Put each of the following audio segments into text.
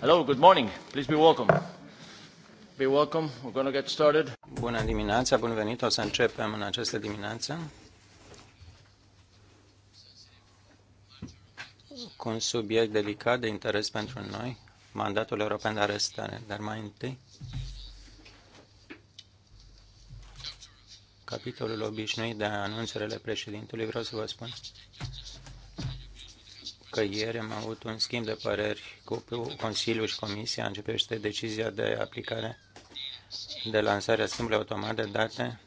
Hello, good morning. Please be welcome. Be welcome. We're going to get started. Bună dimineața, bun venit. O să începem în această dimineață. Cu un subiect delicat de interes pentru noi, mandatul european de arestare, dar mai întâi capitolul obișnuit de anunțurile președintului, vreau să vă spun că ieri am avut un schimb de păreri cu Consiliul și Comisia începește decizia de aplicare de lansare a schimbului automat de date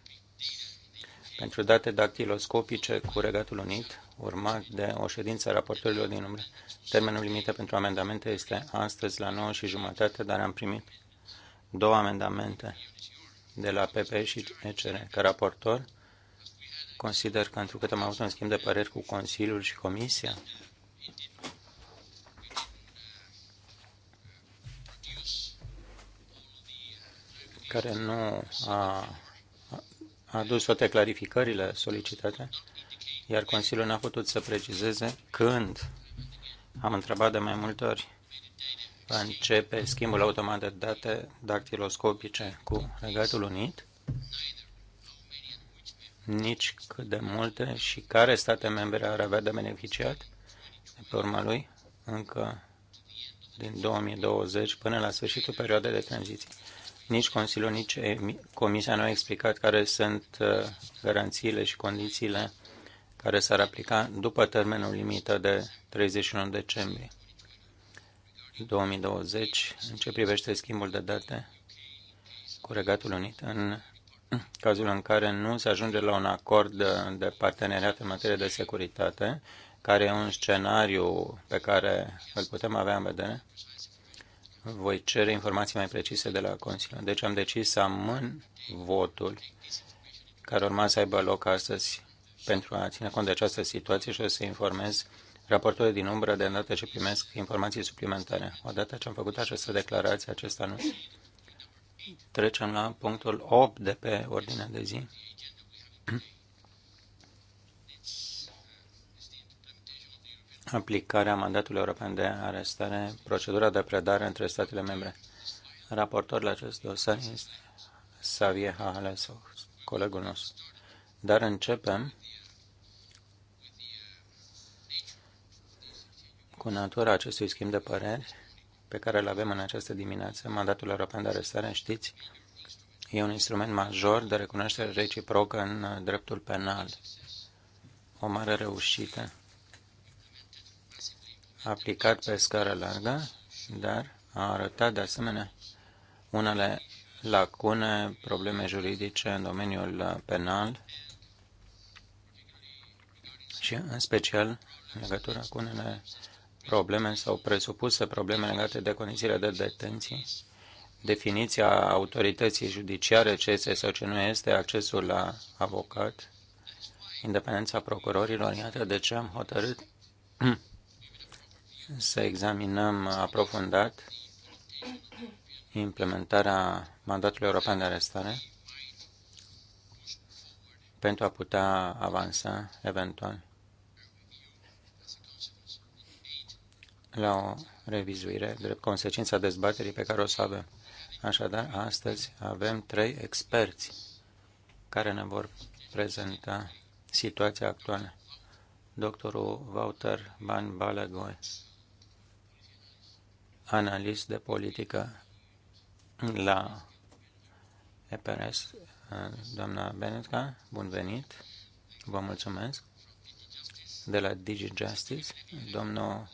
pentru date dactiloscopice cu Regatul Unit, urmat de o ședință a raportorilor din umbră. Termenul limită pentru amendamente este astăzi la 9 și jumătate, dar am primit două amendamente de la PP și ECR. Ca raportor, consider că pentru că am avut un schimb de păreri cu Consiliul și Comisia, care nu a adus toate clarificările solicitate, iar Consiliul n-a putut să precizeze când am întrebat de mai multe ori va începe schimbul automat de date dactiloscopice cu Regatul Unit, nici cât de multe și care state membre ar avea de beneficiat de pe urma lui încă din 2020 până la sfârșitul perioadei de tranziție. Nici Consiliul, nici Comisia nu a explicat care sunt uh, garanțiile și condițiile care s-ar aplica după termenul limită de 31 decembrie. 2020 în ce privește schimbul de date cu Regatul Unit în cazul în care nu se ajunge la un acord de parteneriat în materie de securitate, care e un scenariu pe care îl putem avea în vedere, voi cere informații mai precise de la Consiliu. Deci am decis să amân votul care urma să aibă loc astăzi pentru a ține cont de această situație și o să informez uh, raportul din umbră de îndată și primesc informații suplimentare. Odată ce am făcut această declarație, acest nu trecem la punctul 8 de pe ordinea de zi. Aplicarea mandatului european de arestare, procedura de predare între statele membre. Raportor la acest dosar este Xavier Hahalesov, colegul nostru. Dar începem cu natura acestui schimb de păreri pe care îl avem în această dimineață, mandatul european de arestare, știți, e un instrument major de recunoaștere reciprocă în uh, dreptul penal. O mare reușită aplicat pe scară largă, dar a arătat de asemenea unele lacune, probleme juridice în domeniul uh, penal și în special în legătură cu unele probleme sau presupuse probleme legate de condițiile de detenție, definiția autorității judiciare, ce este sau ce nu este, accesul la avocat, independența procurorilor. Iată de ce am hotărât să examinăm aprofundat implementarea mandatului european de arestare pentru a putea avansa eventual la o revizuire drept consecința dezbaterii pe care o să avem. Așadar, astăzi avem trei experți care ne vor prezenta situația actuală. Doctorul Wouter Van Balegoi, analist de politică la EPRS, doamna Benetka, bun venit, vă mulțumesc, de la DigiJustice, domnul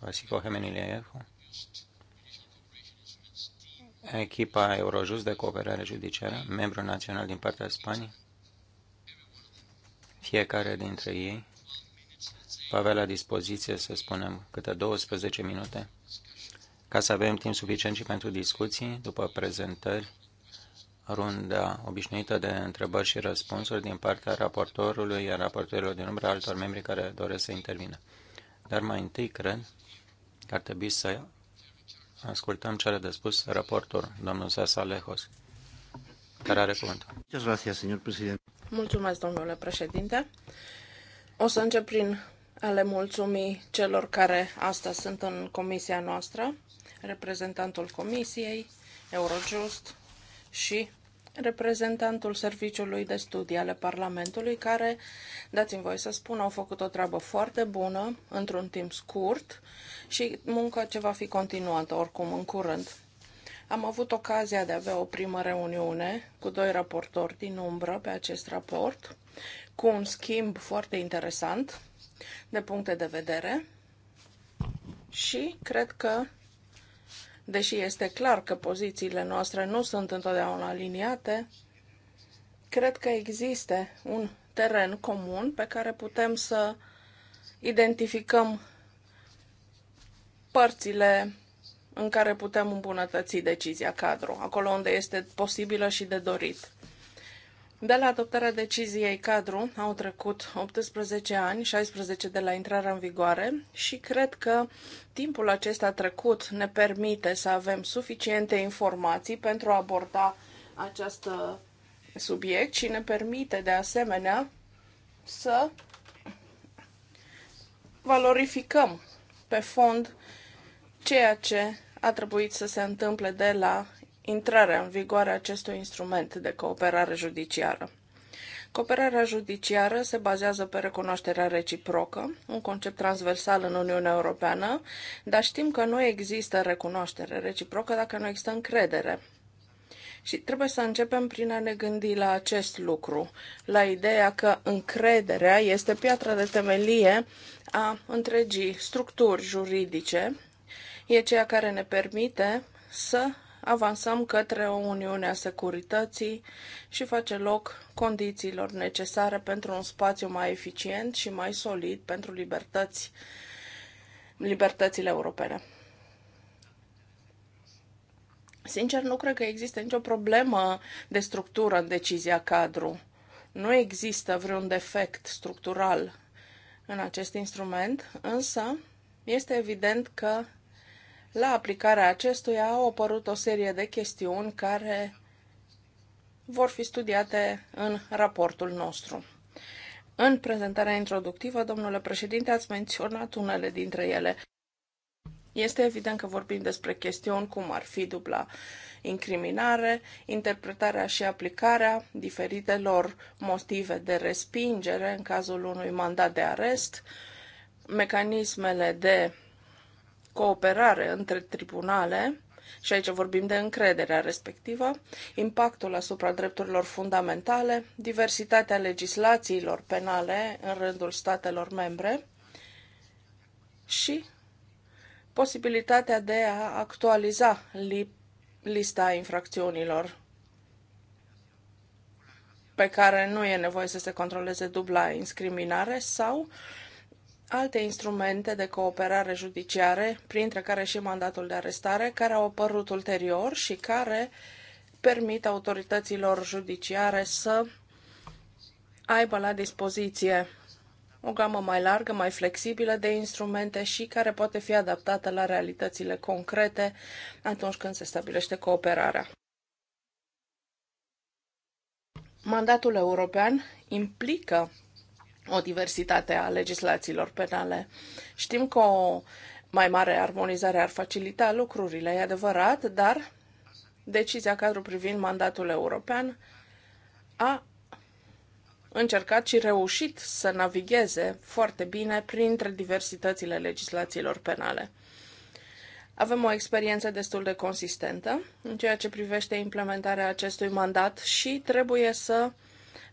Vasico Hemenilievu, echipa Eurojust de cooperare judiciară, membru național din partea Spaniei, fiecare dintre ei va avea la dispoziție, să spunem, câte 12 minute, ca să avem timp suficient și pentru discuții, după prezentări, runda obișnuită de întrebări și răspunsuri din partea raportorului, a raportorilor din umbră, altor membri care doresc să intervină. Dar mai întâi, cred, că ar trebui să ascultăm ce are de spus raportul domnul Sasa Lehos, care are cuvântul. Mulțumesc, domnule președinte. O să încep prin a le mulțumi celor care astăzi sunt în comisia noastră, reprezentantul comisiei, Eurojust și reprezentantul Serviciului de Studii ale Parlamentului, care, dați-mi voi să spun, au făcut o treabă foarte bună, într-un timp scurt, și munca ce va fi continuată oricum în curând. Am avut ocazia de a avea o primă reuniune cu doi raportori din umbră pe acest raport, cu un schimb foarte interesant de puncte de vedere și cred că deși este clar că pozițiile noastre nu sunt întotdeauna aliniate, cred că există un teren comun pe care putem să identificăm părțile în care putem îmbunătăți decizia cadru, acolo unde este posibilă și de dorit. De la adoptarea deciziei cadru au trecut 18 ani, 16 de la intrarea în vigoare și cred că timpul acesta trecut ne permite să avem suficiente informații pentru a aborda acest subiect și ne permite de asemenea să valorificăm pe fond ceea ce a trebuit să se întâmple de la intrarea în vigoare a acestui instrument de cooperare judiciară. Cooperarea judiciară se bazează pe recunoașterea reciprocă, un concept transversal în Uniunea Europeană, dar știm că nu există recunoaștere reciprocă dacă nu există încredere. Și trebuie să începem prin a ne gândi la acest lucru, la ideea că încrederea este piatra de temelie a întregii structuri juridice, e ceea care ne permite să avansăm către o uniune a securității și face loc condițiilor necesare pentru un spațiu mai eficient și mai solid pentru libertăți, libertățile europene. Sincer, nu cred că există nicio problemă de structură în decizia cadru. Nu există vreun defect structural în acest instrument, însă este evident că la aplicarea acestuia au apărut o serie de chestiuni care vor fi studiate în raportul nostru. În prezentarea introductivă, domnule președinte, ați menționat unele dintre ele. Este evident că vorbim despre chestiuni cum ar fi dubla incriminare, interpretarea și aplicarea diferitelor motive de respingere în cazul unui mandat de arest, mecanismele de cooperare între tribunale, și aici vorbim de încrederea respectivă, impactul asupra drepturilor fundamentale, diversitatea legislațiilor penale în rândul statelor membre și posibilitatea de a actualiza li- lista infracțiunilor pe care nu e nevoie să se controleze dubla incriminare sau alte instrumente de cooperare judiciare, printre care și mandatul de arestare, care au apărut ulterior și care permit autorităților judiciare să aibă la dispoziție o gamă mai largă, mai flexibilă de instrumente și care poate fi adaptată la realitățile concrete atunci când se stabilește cooperarea. Mandatul european implică o diversitate a legislațiilor penale. Știm că o mai mare armonizare ar facilita lucrurile, e adevărat, dar decizia cadru privind mandatul european a încercat și reușit să navigheze foarte bine printre diversitățile legislațiilor penale. Avem o experiență destul de consistentă în ceea ce privește implementarea acestui mandat și trebuie să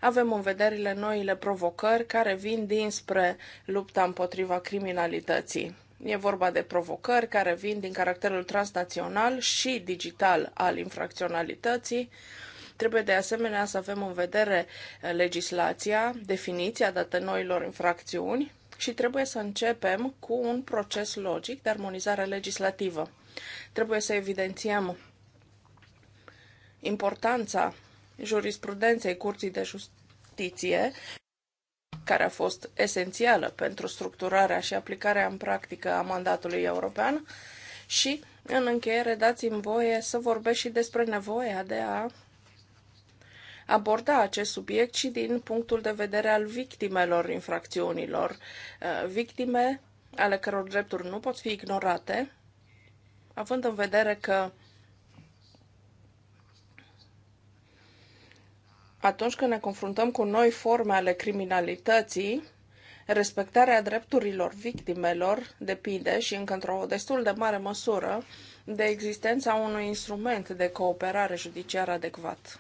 avem în vederile noile provocări care vin dinspre lupta împotriva criminalității. E vorba de provocări care vin din caracterul transnațional și digital al infracționalității. Trebuie de asemenea să avem în vedere legislația, definiția dată noilor infracțiuni și trebuie să începem cu un proces logic de armonizare legislativă. Trebuie să evidențiem importanța jurisprudenței Curții de Justiție, care a fost esențială pentru structurarea și aplicarea în practică a mandatului european. Și, în încheiere, dați-mi voie să vorbesc și despre nevoia de a aborda acest subiect și din punctul de vedere al victimelor infracțiunilor. Uh, victime ale căror drepturi nu pot fi ignorate, având în vedere că Atunci când ne confruntăm cu noi forme ale criminalității, respectarea drepturilor victimelor depinde și încă într-o destul de mare măsură de existența unui instrument de cooperare judiciară adecvat.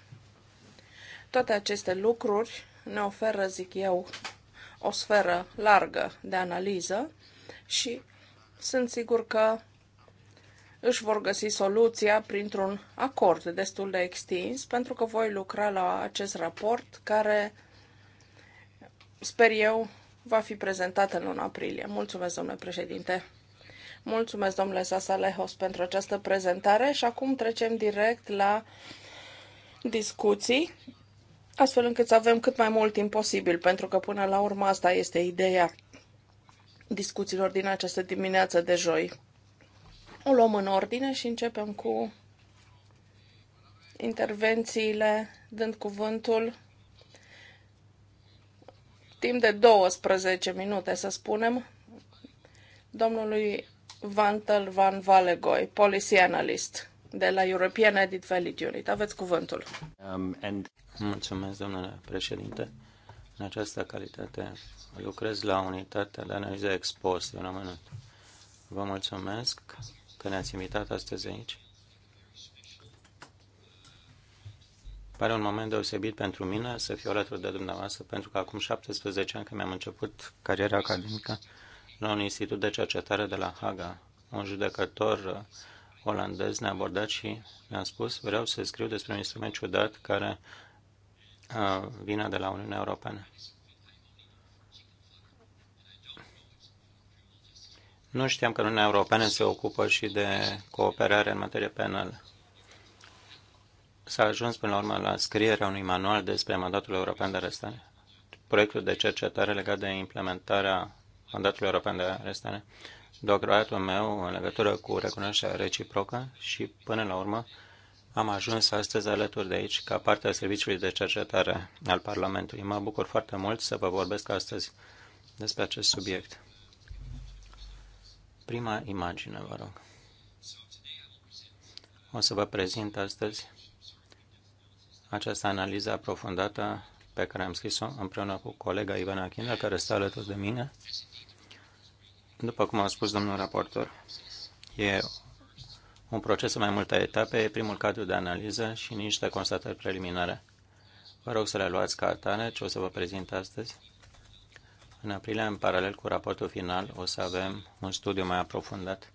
Toate aceste lucruri ne oferă, zic eu, o sferă largă de analiză și sunt sigur că își vor găsi soluția printr-un acord destul de extins, pentru că voi lucra la acest raport care, sper eu, va fi prezentat în luna aprilie. Mulțumesc, domnule președinte! Mulțumesc, domnule Sasalehos, pentru această prezentare și acum trecem direct la discuții, astfel încât să avem cât mai mult timp posibil, pentru că până la urmă asta este ideea discuțiilor din această dimineață de joi. O luăm în ordine și începem cu intervențiile, dând cuvântul timp de 12 minute, să spunem, domnului Vantel Van Valegoi, policy analyst de la European Edit Valid Unit. Aveți cuvântul. Um, and... Mulțumesc, domnule președinte. În această calitate lucrez la unitatea de analiză expost. Vă mulțumesc că ne-ați invitat astăzi aici. Pare un moment deosebit pentru mine să fiu alături de dumneavoastră, pentru că acum 17 ani când mi-am început cariera academică la un institut de cercetare de la Haga, un judecător olandez ne-a abordat și mi-a spus vreau să scriu despre un instrument ciudat care uh, vine de la Uniunea Europeană. Nu știam că Uniunea Europeană se ocupă și de cooperare în materie penală. S-a ajuns până la urmă la scrierea unui manual despre mandatul european de arestare. Proiectul de cercetare legat de implementarea mandatului european de arestare. Doctoratul meu în legătură cu recunoașterea reciprocă și până la urmă am ajuns astăzi alături de aici ca parte a Serviciului de Cercetare al Parlamentului. Mă bucur foarte mult să vă vorbesc astăzi despre acest subiect. Prima imagine, vă rog. O să vă prezint astăzi această analiză aprofundată pe care am scris-o împreună cu colega Ivana Chinda, care stă alături de mine. După cum a spus domnul raportor, e un proces în mai multe etape, e primul cadru de analiză și niște constatări preliminare. Vă rog să le luați ca atare ce o să vă prezint astăzi în aprilie, în paralel cu raportul final, o să avem un studiu mai aprofundat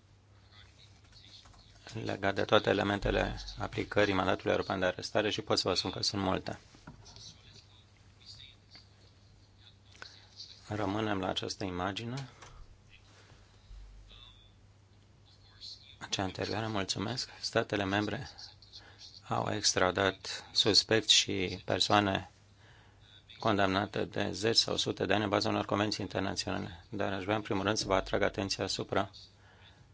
legat de toate elementele aplicării mandatului european de arestare și pot să vă spun că sunt multe. Rămânem la această imagine. Cea anterioară, mulțumesc. Statele membre au extradat suspecți și persoane condamnată de zeci sau sute de ani în baza unor convenții internaționale. Dar aș vrea în primul rând să vă atrag atenția asupra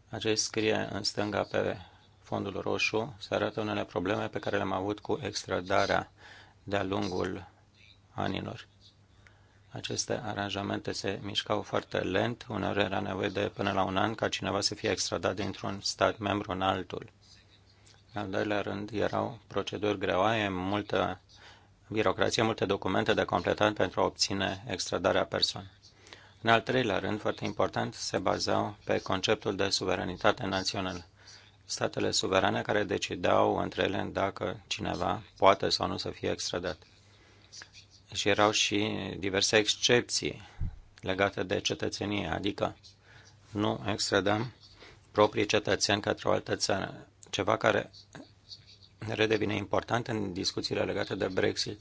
acest scrie în stânga pe fondul roșu, se arată unele probleme pe care le-am avut cu extradarea de-a lungul anilor. Aceste aranjamente se mișcau foarte lent, uneori era nevoie de până la un an ca cineva să fie extradat dintr-un stat membru în altul. În al doilea rând, erau proceduri greoaie, multă birocrație multe documente de completat pentru a obține extradarea persoanei. În al treilea rând, foarte important, se bazau pe conceptul de suveranitate națională. Statele suverane care decideau între ele dacă cineva poate sau nu să fie extradat. Și erau și diverse excepții legate de cetățenie, adică nu extradam proprii cetățeni către o altă țară, ceva care redevine important în discuțiile legate de Brexit.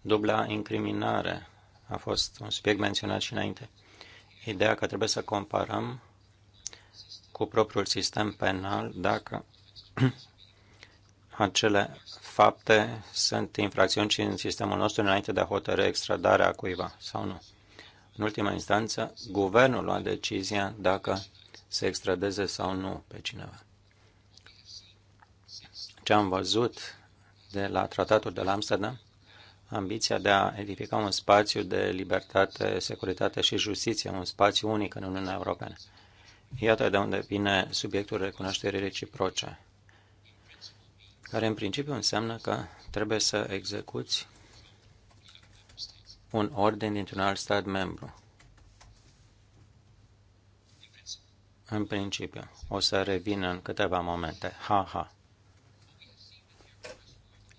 Dubla incriminare a fost un subiect menționat și înainte. Ideea că trebuie să comparăm cu propriul sistem penal dacă acele fapte sunt infracțiuni și în sistemul nostru înainte de a hotărâ extradarea cuiva sau nu. În ultima instanță, guvernul lua decizia dacă se extradeze sau nu pe cineva ce am văzut de la tratatul de la Amsterdam, ambiția de a edifica un spațiu de libertate, securitate și justiție, un spațiu unic în Uniunea Europeană. Iată de unde vine subiectul recunoașterii reciproce, care în principiu înseamnă că trebuie să execuți un ordin dintr-un alt stat membru. În principiu, o să revin în câteva momente. Ha, ha.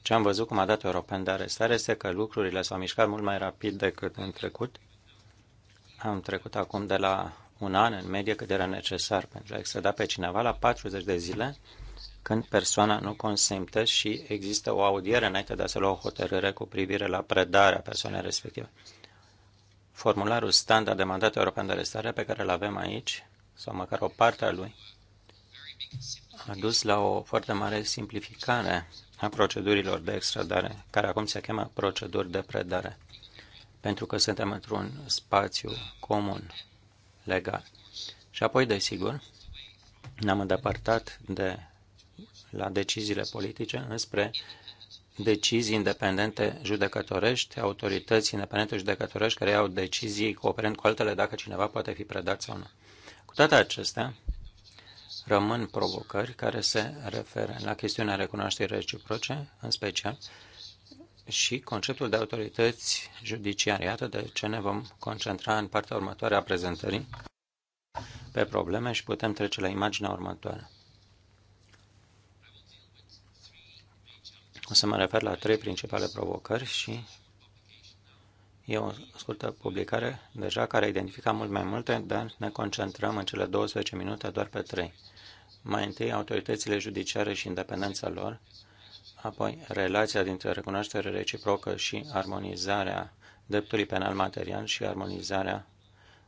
Ce am văzut cu mandatul european de arestare este că lucrurile s-au mișcat mult mai rapid decât în trecut. Am trecut acum de la un an în medie cât era necesar pentru a exceda pe cineva la 40 de zile când persoana nu consimte și există o audiere înainte de a se lua o hotărâre cu privire la predarea persoanei respective. Formularul standard de mandat european de arestare pe care îl avem aici, sau măcar o parte a lui, a dus la o foarte mare simplificare a procedurilor de extradare, care acum se cheamă proceduri de predare, pentru că suntem într-un spațiu comun legal. Și apoi, desigur, ne-am îndepărtat de la deciziile politice înspre decizii independente judecătorești, autorități independente judecătorești care iau decizii cooperând cu altele dacă cineva poate fi predat sau nu. Cu toate acestea, Rămân provocări care se referă la chestiunea recunoașterii reciproce, în special, și conceptul de autorități judiciare. Iată de ce ne vom concentra în partea următoare a prezentării pe probleme și putem trece la imaginea următoare. O să mă refer la trei principale provocări și e o scurtă publicare deja care identifica mult mai multe, dar ne concentrăm în cele 12 minute doar pe trei. Mai întâi, autoritățile judiciare și independența lor, apoi relația dintre recunoaștere reciprocă și armonizarea dreptului penal material și armonizarea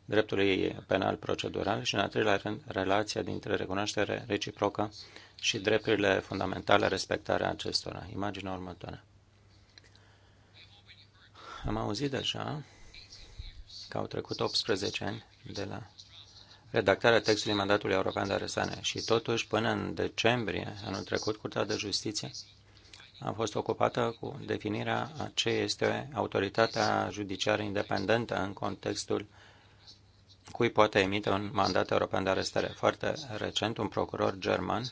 dreptului penal procedural și, în al treilea rând, relația dintre recunoaștere reciprocă și drepturile fundamentale, respectarea acestora. Imaginea următoare. Am auzit deja că au trecut 18 ani de la redactarea textului mandatului european de arestare. Și totuși, până în decembrie anul trecut, Curtea de Justiție a fost ocupată cu definirea a ce este autoritatea judiciară independentă în contextul cui poate emite un mandat european de arestare. Foarte recent, un procuror german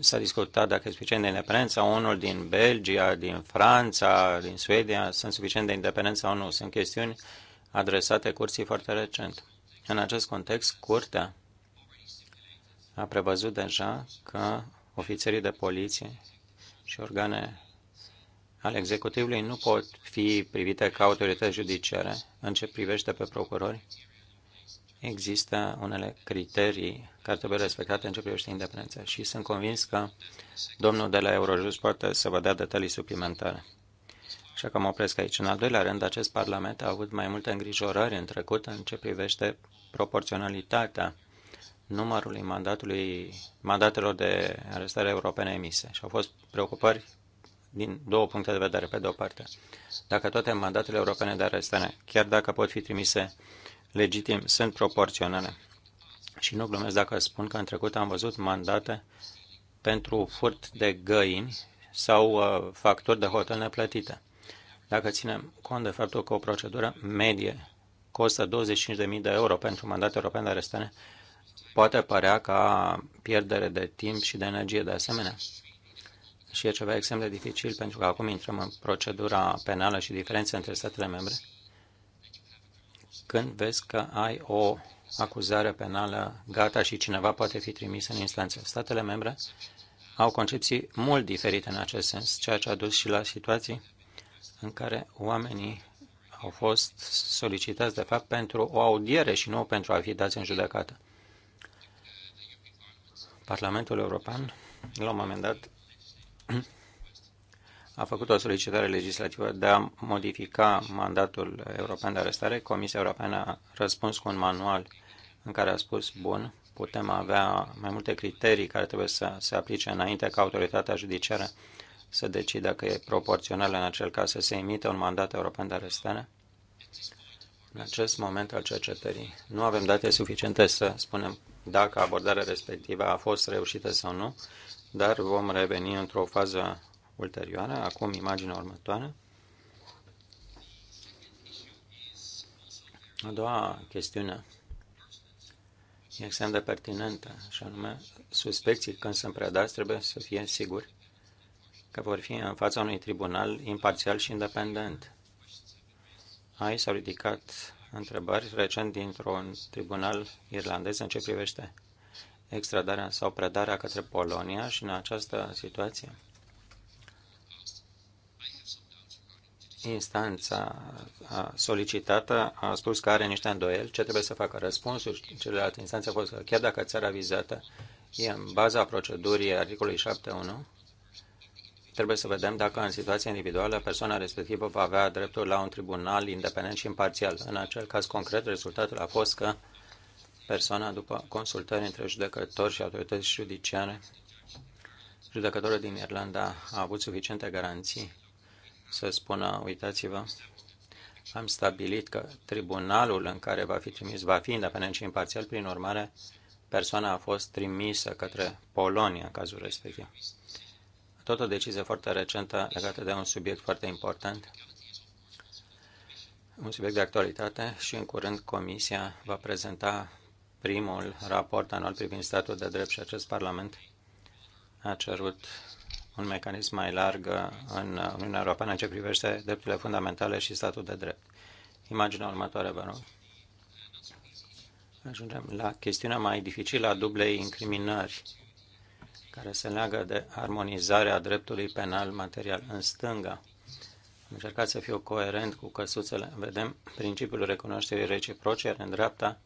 s-a discutat dacă e suficient de independent sau unul din Belgia, din Franța, din Suedia, sunt suficient de independent sau nu. Sunt chestiuni adresate curții foarte recent. În acest context, Curtea a prevăzut deja că ofițerii de poliție și organe ale executivului nu pot fi privite ca autorități judiciare. În ce privește pe procurori, există unele criterii care trebuie respectate în ce privește independența și sunt convins că domnul de la Eurojust poate să vă dea detalii suplimentare. Așa că mă opresc aici. În al doilea rând, acest Parlament a avut mai multe îngrijorări în trecut în ce privește proporționalitatea numărului mandatului, mandatelor de arestare europene emise. Și au fost preocupări din două puncte de vedere. Pe de o parte, dacă toate mandatele europene de arestare, chiar dacă pot fi trimise legitim, sunt proporționale. Și nu glumesc dacă spun că în trecut am văzut mandate pentru furt de găini sau uh, facturi de hotel neplătite. Dacă ținem cont de faptul că o procedură medie costă 25.000 de euro pentru mandat european de arestare, poate părea ca pierdere de timp și de energie de asemenea. Și e ceva extrem de dificil pentru că acum intrăm în procedura penală și diferențe între statele membre. Când vezi că ai o acuzare penală gata și cineva poate fi trimis în instanță, statele membre au concepții mult diferite în acest sens, ceea ce a dus și la situații în care oamenii au fost solicitați, de fapt, pentru o audiere și nu pentru a fi dați în judecată. Parlamentul European, la un moment dat, a făcut o solicitare legislativă de a modifica mandatul european de arestare. Comisia Europeană a răspuns cu un manual în care a spus, bun, putem avea mai multe criterii care trebuie să se aplice înainte ca autoritatea judiciară să decidă că e proporțional în acel caz să se emite un mandat european de arestare în acest moment al cercetării nu avem date suficiente să spunem dacă abordarea respectivă a fost reușită sau nu, dar vom reveni într-o fază ulterioară. Acum imaginea următoare. A doua chestiune e extrem de pertinentă, și anume, suspecții când sunt predați trebuie să fie siguri că vor fi în fața unui tribunal imparțial și independent. Aici s-au ridicat întrebări recent dintr-un tribunal irlandez în ce privește extradarea sau predarea către Polonia și în această situație instanța solicitată a spus că are niște îndoieli, ce trebuie să facă răspunsul și celelalte instanțe au fost că chiar dacă țara vizată e în baza procedurii articolului 7.1, Trebuie să vedem dacă în situația individuală persoana respectivă va avea dreptul la un tribunal independent și imparțial. În acel caz concret, rezultatul a fost că persoana, după consultări între judecători și autorități judiciare, judecătorul din Irlanda a avut suficiente garanții să spună, uitați-vă, am stabilit că tribunalul în care va fi trimis va fi independent și imparțial, prin urmare, persoana a fost trimisă către Polonia în cazul respectiv tot o decizie foarte recentă legată de un subiect foarte important, un subiect de actualitate și în curând Comisia va prezenta primul raport anual privind statul de drept și acest Parlament a cerut un mecanism mai larg în Uniunea Europeană în ce privește drepturile fundamentale și statul de drept. Imaginea următoare, vă rog. Ajungem la chestiunea mai dificilă a dublei incriminări care se leagă de armonizarea dreptului penal material în stânga. Am încercat să fiu coerent cu căsuțele. Vedem principiul recunoașterii reciproce, în dreapta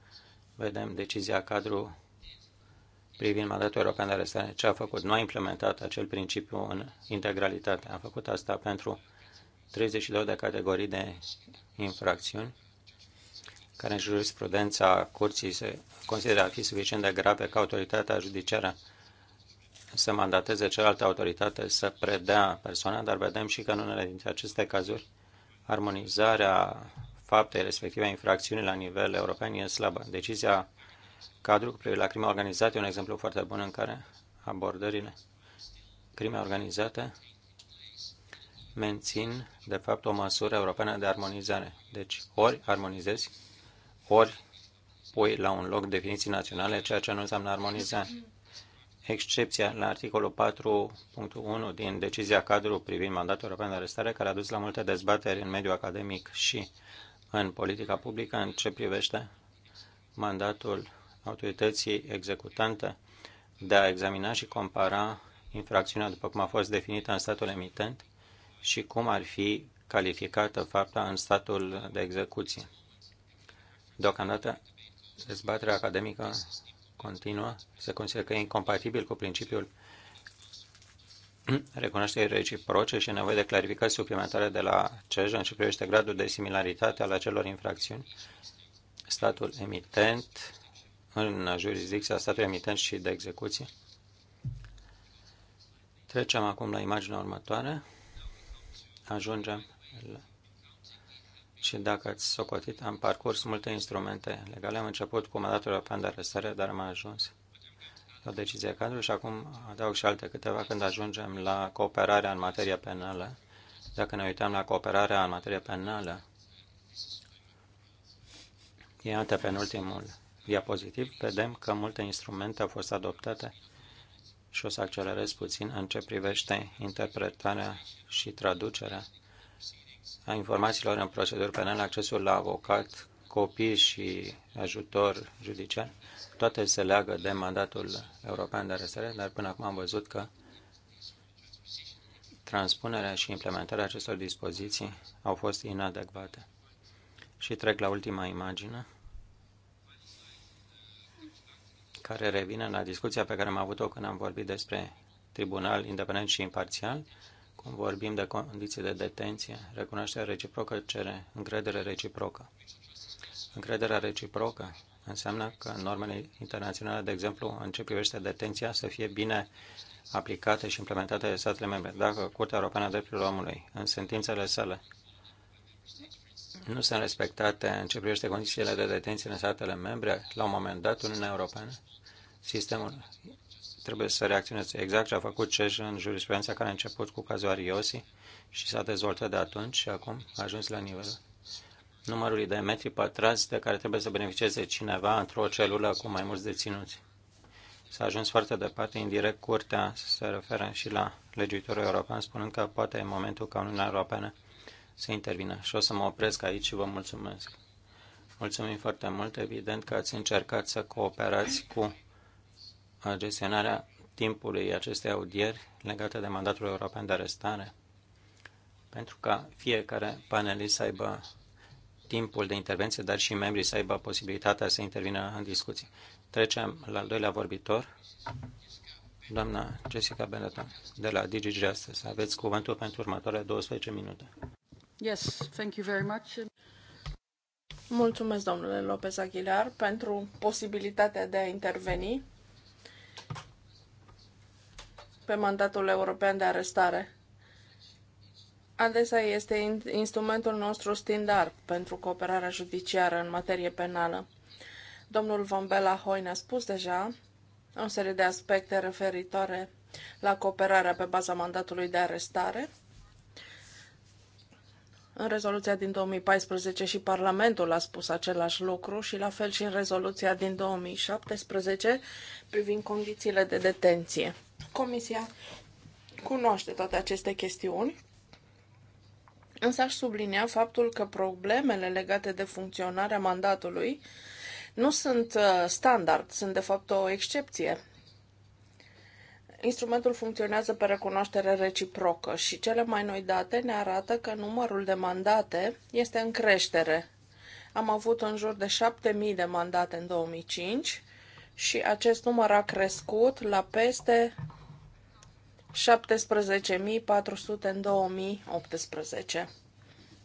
vedem decizia cadru privind mandatul european de arestare. Ce a făcut? Nu a implementat acel principiu în integralitate. A făcut asta pentru 32 de categorii de infracțiuni care în jurisprudența curții se consideră a fi suficient de grave ca autoritatea judiciară să mandateze cealaltă autoritate să predea persoana, dar vedem și că în unele dintre aceste cazuri armonizarea faptei respective a infracțiunii la nivel european e slabă. Decizia cadru cu privire la crima organizată e un exemplu foarte bun în care abordările crime organizate mențin, de fapt, o măsură europeană de armonizare. Deci, ori armonizezi, ori pui la un loc definiții naționale, ceea ce nu înseamnă armonizare excepția la articolul 4.1 din decizia cadru privind mandatul european de arestare, care a dus la multe dezbateri în mediul academic și în politica publică în ce privește mandatul autorității executante de a examina și compara infracțiunea după cum a fost definită în statul emitent și cum ar fi calificată fapta în statul de execuție. Deocamdată, dezbaterea academică continuă, se consideră că e incompatibil cu principiul recunoașterii reciproce și nevoie de clarificări suplimentare de la CEJ în ce privește gradul de similaritate al acelor infracțiuni, statul emitent în jurisdicția statului emitent și de execuție. Trecem acum la imaginea următoare. Ajungem la și dacă ați socotit, am parcurs multe instrumente legale. Am început cu mandatul european de arestare, dar am ajuns la decizia cadru și acum adaug și alte câteva când ajungem la cooperarea în materie penală. Dacă ne uităm la cooperarea în materie penală, e antepenultimul diapozitiv, vedem că multe instrumente au fost adoptate și o să accelerez puțin în ce privește interpretarea și traducerea a informațiilor în proceduri penale, accesul la avocat, copii și ajutor judiciar, toate se leagă de mandatul european de arestare, dar până acum am văzut că transpunerea și implementarea acestor dispoziții au fost inadecvate. Și trec la ultima imagine, care revine la discuția pe care am avut-o când am vorbit despre tribunal independent și imparțial cum vorbim de condiții de detenție, recunoașterea reciprocă cere încredere reciprocă. Încrederea reciprocă înseamnă că normele internaționale, de exemplu, în ce privește detenția, să fie bine aplicate și implementate de statele membre. Dacă Curtea Europeană a Drepturilor Omului, în sentințele sale, nu sunt respectate în ce privește condițiile de detenție în statele membre, la un moment dat, Uniunea Europeană, sistemul trebuie să reacționeze. Exact ce a făcut CEJ în jurisprudența care a început cu cazul Ariosi și s-a dezvoltat de atunci și acum a ajuns la nivel numărului de metri pătrați de care trebuie să beneficieze cineva într-o celulă cu mai mulți deținuți. S-a ajuns foarte departe, indirect curtea se referă și la legiuitorul european, spunând că poate e momentul ca Uniunea Europeană să intervină. Și o să mă opresc aici și vă mulțumesc. Mulțumim foarte mult, evident că ați încercat să cooperați cu gestionarea timpului acestei audieri legate de mandatul european de arestare, pentru ca fiecare panelist să aibă timpul de intervenție, dar și membrii să aibă posibilitatea să intervină în discuții. Trecem la al doilea vorbitor, doamna Jessica Benetton, de la DG Justice. Aveți cuvântul pentru următoarele 12 minute. Yes, thank you very much. Mulțumesc, domnule Lopez Aguilar, pentru posibilitatea de a interveni pe mandatul european de arestare. Adesea este instrumentul nostru standard pentru cooperarea judiciară în materie penală. Domnul Von Bella Hoin a spus deja o serie de aspecte referitoare la cooperarea pe baza mandatului de arestare în rezoluția din 2014 și Parlamentul a spus același lucru și la fel și în rezoluția din 2017 privind condițiile de detenție. Comisia cunoaște toate aceste chestiuni, însă aș sublinia faptul că problemele legate de funcționarea mandatului nu sunt uh, standard, sunt de fapt o excepție. Instrumentul funcționează pe recunoaștere reciprocă și cele mai noi date ne arată că numărul de mandate este în creștere. Am avut în jur de 7000 de mandate în 2005 și acest număr a crescut la peste 17.400 în 2018.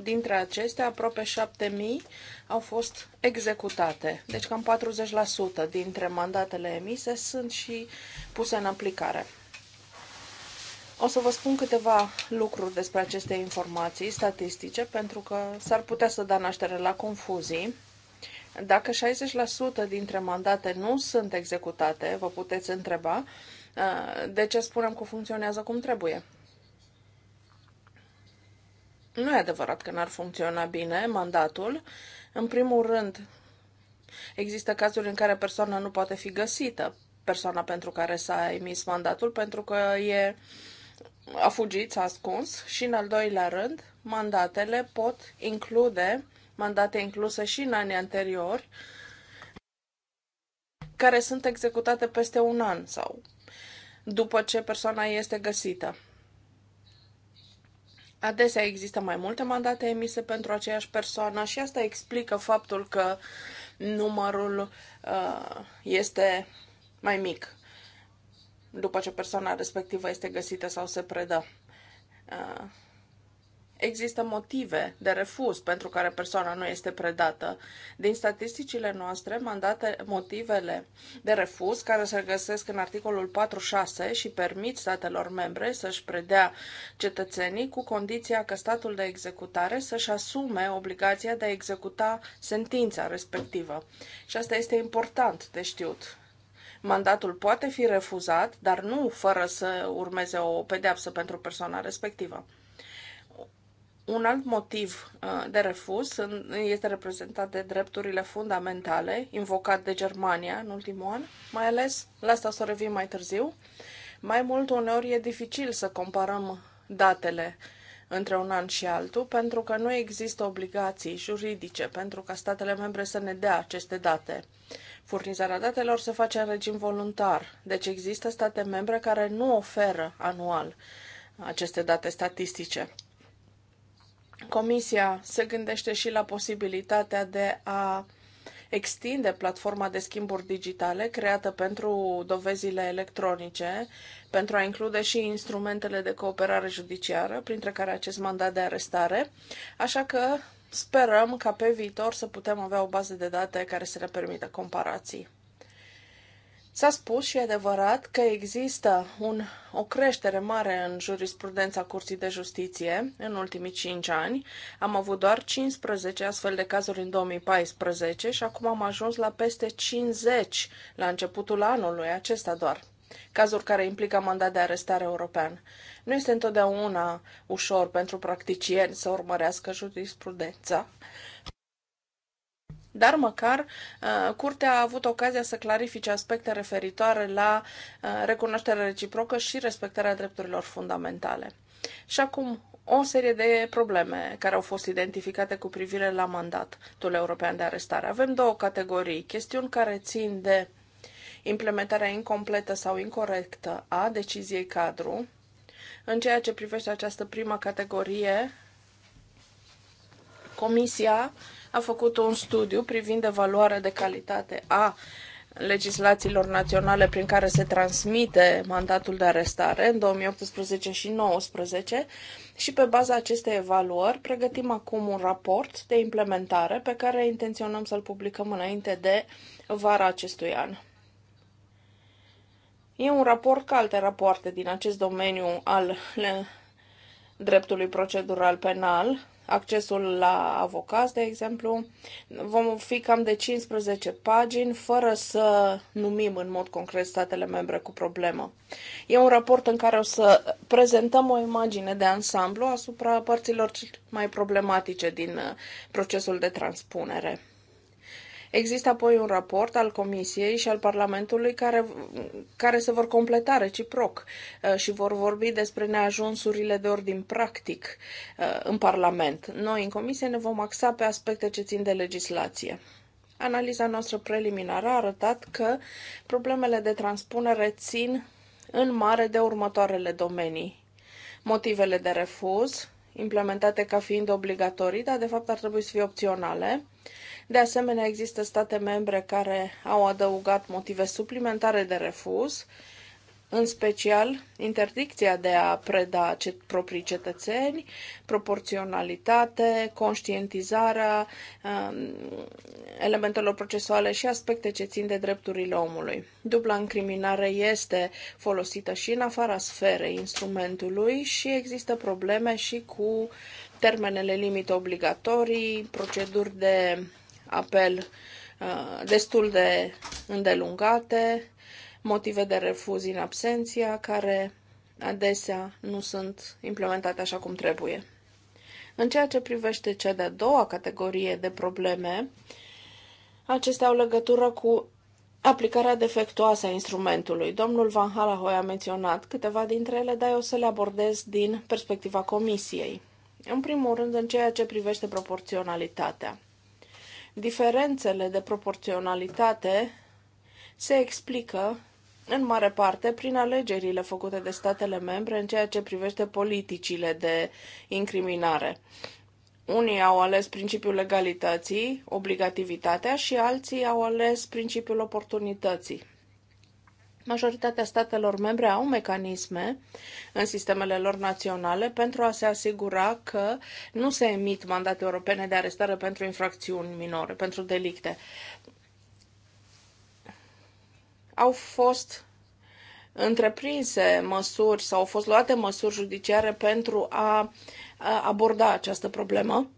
Dintre acestea, aproape 7000 au fost executate. Deci cam 40% dintre mandatele emise sunt și puse în aplicare. O să vă spun câteva lucruri despre aceste informații statistice, pentru că s-ar putea să da naștere la confuzii. Dacă 60% dintre mandate nu sunt executate, vă puteți întreba uh, de ce spunem că funcționează cum trebuie. Nu e adevărat că n-ar funcționa bine mandatul. În primul rând, există cazuri în care persoana nu poate fi găsită, persoana pentru care s-a emis mandatul, pentru că e a fugit, s-a ascuns și, în al doilea rând, mandatele pot include mandate incluse și în anii anteriori, care sunt executate peste un an sau după ce persoana este găsită. Adesea există mai multe mandate emise pentru aceeași persoană și asta explică faptul că numărul uh, este mai mic după ce persoana respectivă este găsită sau se predă. Uh, există motive de refuz pentru care persoana nu este predată. Din statisticile noastre, mandate, motivele de refuz care se găsesc în articolul 4.6 și permit statelor membre să-și predea cetățenii cu condiția că statul de executare să-și asume obligația de a executa sentința respectivă. Și asta este important de știut. Mandatul poate fi refuzat, dar nu fără să urmeze o pedeapsă pentru persoana respectivă. Un alt motiv uh, de refuz este reprezentat de drepturile fundamentale, invocat de Germania în ultimul an, mai ales, la asta o să revin mai târziu. Mai mult, uneori e dificil să comparăm datele între un an și altul, pentru că nu există obligații juridice pentru ca statele membre să ne dea aceste date. Furnizarea datelor se face în regim voluntar, deci există state membre care nu oferă anual aceste date statistice. Comisia se gândește și la posibilitatea de a extinde platforma de schimburi digitale creată pentru dovezile electronice, pentru a include și instrumentele de cooperare judiciară, printre care acest mandat de arestare. Așa că sperăm ca pe viitor să putem avea o bază de date care să ne permită comparații. S-a spus și adevărat că există un, o creștere mare în jurisprudența Curții de Justiție în ultimii 5 ani. Am avut doar 15 astfel de cazuri în 2014 și acum am ajuns la peste 50 la începutul anului acesta doar. Cazuri care implică mandat de arestare european. Nu este întotdeauna ușor pentru practicieni să urmărească jurisprudența dar măcar uh, curtea a avut ocazia să clarifice aspecte referitoare la uh, recunoașterea reciprocă și respectarea drepturilor fundamentale. Și acum o serie de probleme care au fost identificate cu privire la mandatul european de arestare. Avem două categorii, chestiuni care țin de implementarea incompletă sau incorrectă a deciziei cadru. În ceea ce privește această prima categorie, Comisia uh, a făcut un studiu privind evaluarea de calitate a legislațiilor naționale prin care se transmite mandatul de arestare în 2018 și 2019 și pe baza acestei evaluări pregătim acum un raport de implementare pe care intenționăm să-l publicăm înainte de vara acestui an. E un raport ca alte rapoarte din acest domeniu al dreptului procedural penal, accesul la avocat, de exemplu. Vom fi cam de 15 pagini, fără să numim în mod concret statele membre cu problemă. E un raport în care o să prezentăm o imagine de ansamblu asupra părților mai problematice din uh, procesul de transpunere. Există apoi un raport al Comisiei și al Parlamentului care, care se vor completa reciproc uh, și vor vorbi despre neajunsurile de ordin practic uh, în Parlament. Noi, în Comisie, ne vom axa pe aspecte ce țin de legislație. Analiza noastră preliminară a arătat că problemele de transpunere țin în mare de următoarele domenii. Motivele de refuz, implementate ca fiind obligatorii, dar de fapt ar trebui să fie opționale, de asemenea, există state membre care au adăugat motive suplimentare de refuz, în special interdicția de a preda proprii cetățeni, proporționalitate, conștientizarea um, elementelor procesuale și aspecte ce țin de drepturile omului. Dubla incriminare este folosită și în afara sferei instrumentului și există probleme și cu termenele limite obligatorii, proceduri de apel uh, destul de îndelungate, motive de refuz în absenția, care adesea nu sunt implementate așa cum trebuie. În ceea ce privește cea de-a doua categorie de probleme, acestea au legătură cu aplicarea defectuoasă a instrumentului. Domnul Van Halahoy a menționat câteva dintre ele, dar eu să le abordez din perspectiva comisiei. În primul rând, în ceea ce privește proporționalitatea. Diferențele de proporționalitate se explică în mare parte prin alegerile făcute de statele membre în ceea ce privește politicile de incriminare. Unii au ales principiul legalității, obligativitatea și alții au ales principiul oportunității. Majoritatea statelor membre au mecanisme în sistemele lor naționale pentru a se asigura că nu se emit mandate europene de arestare pentru infracțiuni minore, pentru delicte. Au fost întreprinse măsuri sau au fost luate măsuri judiciare pentru a aborda această problemă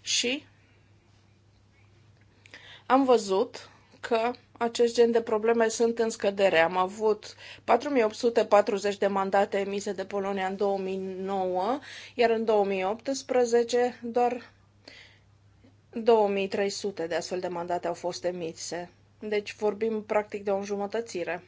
și am văzut că acest gen de probleme sunt în scădere. Am avut 4840 de mandate emise de Polonia în 2009, iar în 2018 doar 2300 de astfel de mandate au fost emise. Deci vorbim practic de o înjumătățire.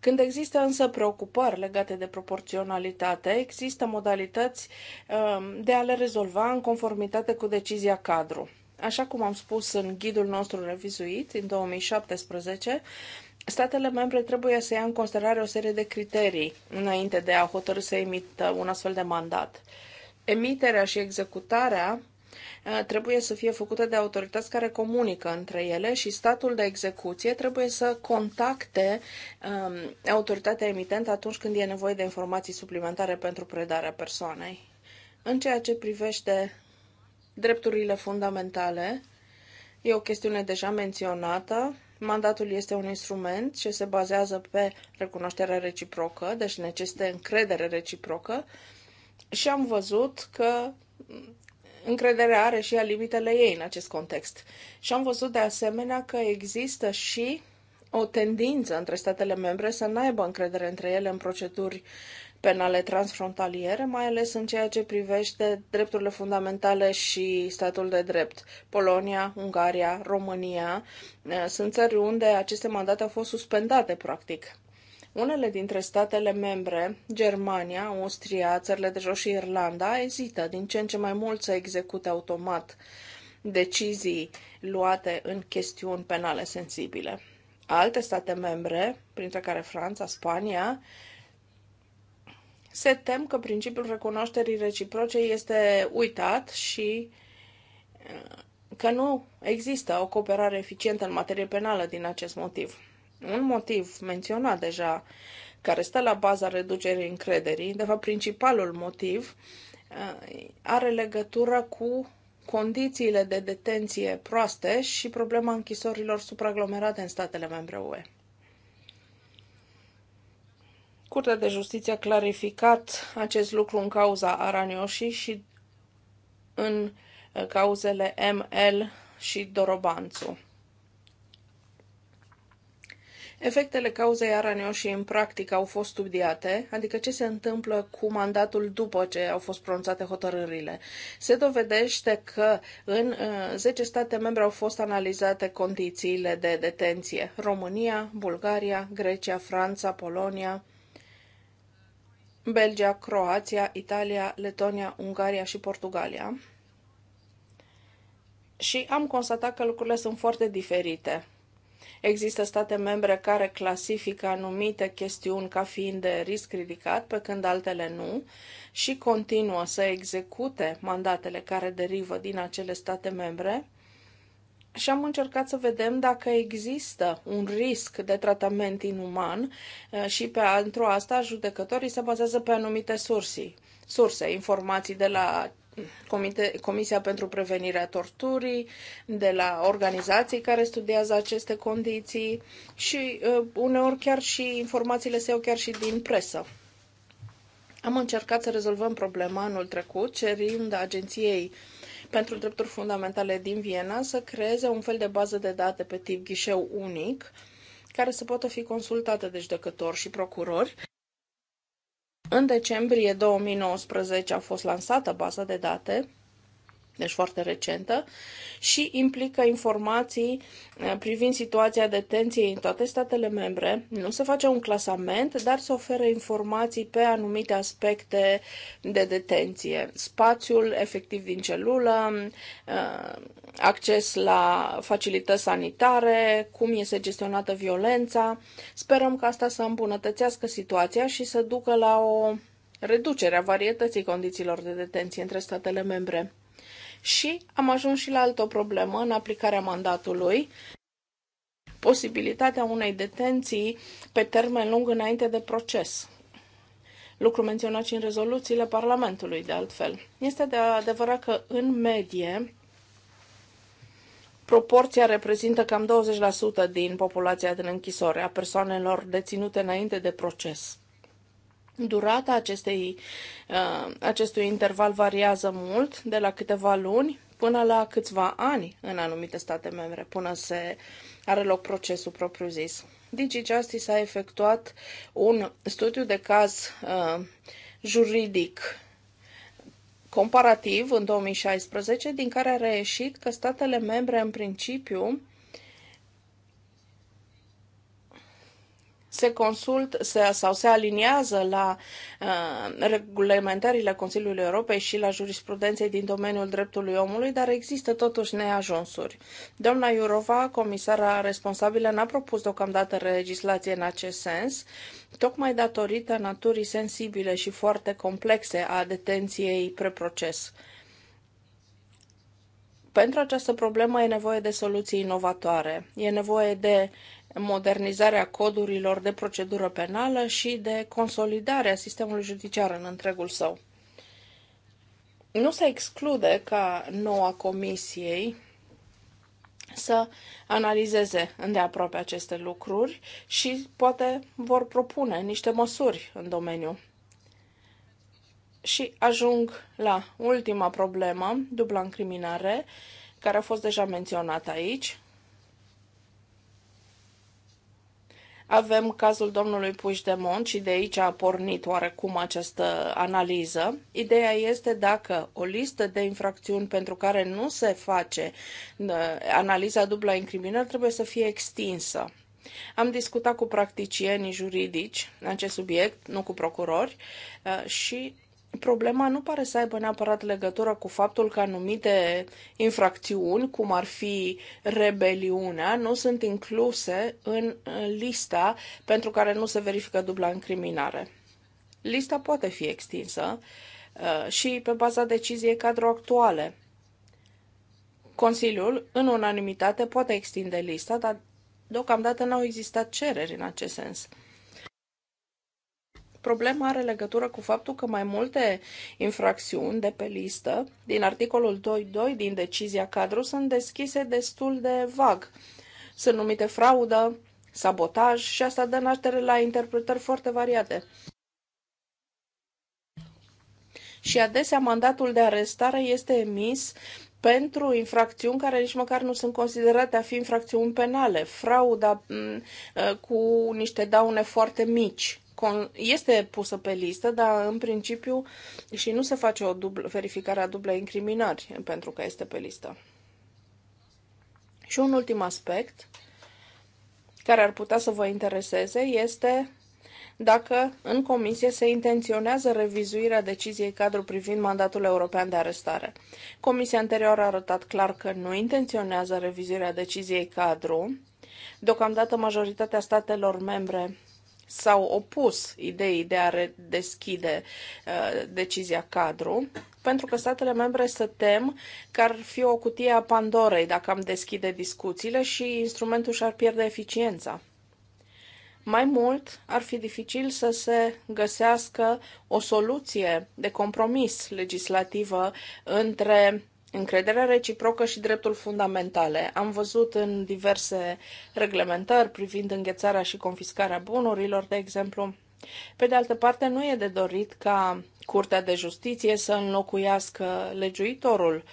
Când există însă preocupări legate de proporționalitate, există modalități um, de a le rezolva în conformitate cu decizia cadru. Așa cum am spus în ghidul nostru revizuit în 2017, statele membre trebuie să ia în considerare o serie de criterii înainte de a hotărâ să emită un astfel de mandat. Emiterea și executarea uh, trebuie să fie făcute de autorități care comunică între ele și statul de execuție trebuie să contacte um, autoritatea emitentă atunci când e nevoie de informații suplimentare pentru predarea persoanei. În ceea ce privește drepturile fundamentale. E o chestiune deja menționată. Mandatul este un instrument ce se bazează pe recunoașterea reciprocă, deci necesită încredere reciprocă. Și am văzut că încrederea are și a limitele ei în acest context. Și am văzut de asemenea că există și o tendință între statele membre să nu aibă încredere între ele în proceduri penale transfrontaliere, mai ales în ceea ce privește drepturile fundamentale și statul de drept. Polonia, Ungaria, România eh, sunt țări unde aceste mandate au fost suspendate, practic. Unele dintre statele membre, Germania, Austria, țările de jos și Irlanda, ezită din ce în ce mai mult să execute automat decizii luate în chestiuni penale sensibile. Alte state membre, printre care Franța, Spania, se tem că principiul recunoașterii reciproce este uitat și uh, că nu există o cooperare eficientă în materie penală din acest motiv. Un motiv menționat deja, care stă la baza reducerii încrederii, de fapt principalul motiv, uh, are legătură cu condițiile de detenție proaste și problema închisorilor supraaglomerate în statele membre UE. Curtea de Justiție a clarificat acest lucru în cauza Aranioșii și în eh, cauzele ML și Dorobanțu. Efectele cauzei Aranioșii în practică au fost studiate, adică ce se întâmplă cu mandatul după ce au fost pronunțate hotărârile. Se dovedește că în 10 eh, state membre au fost analizate condițiile de detenție. România, Bulgaria, Grecia, Franța, Polonia, Belgia, Croația, Italia, Letonia, Ungaria și Portugalia. Și am constatat că lucrurile sunt foarte diferite. Există state membre care clasifică anumite chestiuni ca fiind de risc ridicat, pe când altele nu, și continuă să execute mandatele care derivă din acele state membre, și am încercat să vedem dacă există un risc de tratament inuman uh, și pentru asta judecătorii se bazează pe anumite surse, surse informații de la mm, Comite, Comisia pentru Prevenirea Torturii, de la organizații care studiază aceste condiții și uh, uneori chiar și informațiile se iau chiar și din presă. Am încercat să rezolvăm problema anul trecut, cerind agenției uh, pentru Drepturi Fundamentale din Viena să creeze un fel de bază de date pe tip ghișeu unic, care să poată fi consultată deci, de judecători și procurori. În decembrie 2019 a fost lansată baza de date deci foarte recentă, și implică informații eh, privind situația detenției în toate statele membre. Nu se face un clasament, dar se oferă informații pe anumite aspecte de detenție. Spațiul efectiv din celulă, eh, acces la facilități sanitare, cum este gestionată violența. Sperăm că asta să îmbunătățească situația și să ducă la o reducere a varietății condițiilor de detenție între statele membre. Și am ajuns și la altă problemă în aplicarea mandatului, posibilitatea unei detenții pe termen lung înainte de proces. Lucru menționat și în rezoluțiile Parlamentului, de altfel. Este de adevărat că, în medie, proporția reprezintă cam 20% din populația din închisoare a persoanelor deținute înainte de proces. Durata acestei, uh, acestui interval variază mult, de la câteva luni până la câțiva ani în anumite state membre, până se are loc procesul propriu-zis. Digi Justice a efectuat un studiu de caz uh, juridic comparativ în 2016, din care a reieșit că statele membre în principiu se consult se, sau se aliniază la uh, reglementările Consiliului Europei și la jurisprudenței din domeniul dreptului omului, dar există totuși neajunsuri. Doamna Iurova, comisara responsabilă, n-a propus deocamdată legislație în acest sens, tocmai datorită naturii sensibile și foarte complexe a detenției preproces. Pentru această problemă e nevoie de soluții inovatoare, e nevoie de modernizarea codurilor de procedură penală și de consolidarea sistemului judiciar în întregul său. Nu se exclude ca noua comisiei să analizeze îndeaproape aceste lucruri și poate vor propune niște măsuri în domeniu. Și ajung la ultima problemă, dubla încriminare, care a fost deja menționată aici. Avem cazul domnului Puigdemont și de aici a pornit oarecum această analiză. Ideea este dacă o listă de infracțiuni pentru care nu se face uh, analiza dublă incriminări trebuie să fie extinsă. Am discutat cu practicienii juridici în acest subiect, nu cu procurori, uh, și problema nu pare să aibă neapărat legătură cu faptul că anumite infracțiuni, cum ar fi rebeliunea, nu sunt incluse în lista pentru care nu se verifică dubla incriminare. Lista poate fi extinsă uh, și pe baza deciziei cadru actuale. Consiliul, în unanimitate, poate extinde lista, dar deocamdată n-au existat cereri în acest sens. Problema are legătură cu faptul că mai multe infracțiuni de pe listă din articolul 2.2 din decizia cadru sunt deschise destul de vag. Sunt numite fraudă, sabotaj și asta dă naștere la interpretări foarte variate și adesea mandatul de arestare este emis pentru infracțiuni care nici măcar nu sunt considerate a fi infracțiuni penale, frauda cu niște daune foarte mici este pusă pe listă, dar în principiu și nu se face o dublă, verificare a dublei incriminări pentru că este pe listă. Și un ultim aspect care ar putea să vă intereseze este dacă în comisie se intenționează revizuirea deciziei cadru privind mandatul european de arestare. Comisia anterioară a arătat clar că nu intenționează revizuirea deciziei cadru. Deocamdată majoritatea statelor membre s-au opus ideii de a redeschide uh, decizia cadru, pentru că statele membre se tem că ar fi o cutie a Pandorei dacă am deschide discuțiile și instrumentul și-ar pierde eficiența. Mai mult, ar fi dificil să se găsească o soluție de compromis legislativă între încrederea reciprocă și dreptul fundamentale. Am văzut în diverse reglementări privind înghețarea și confiscarea bunurilor, de exemplu. Pe de altă parte, nu e de dorit ca Curtea de Justiție să înlocuiască legiuitorul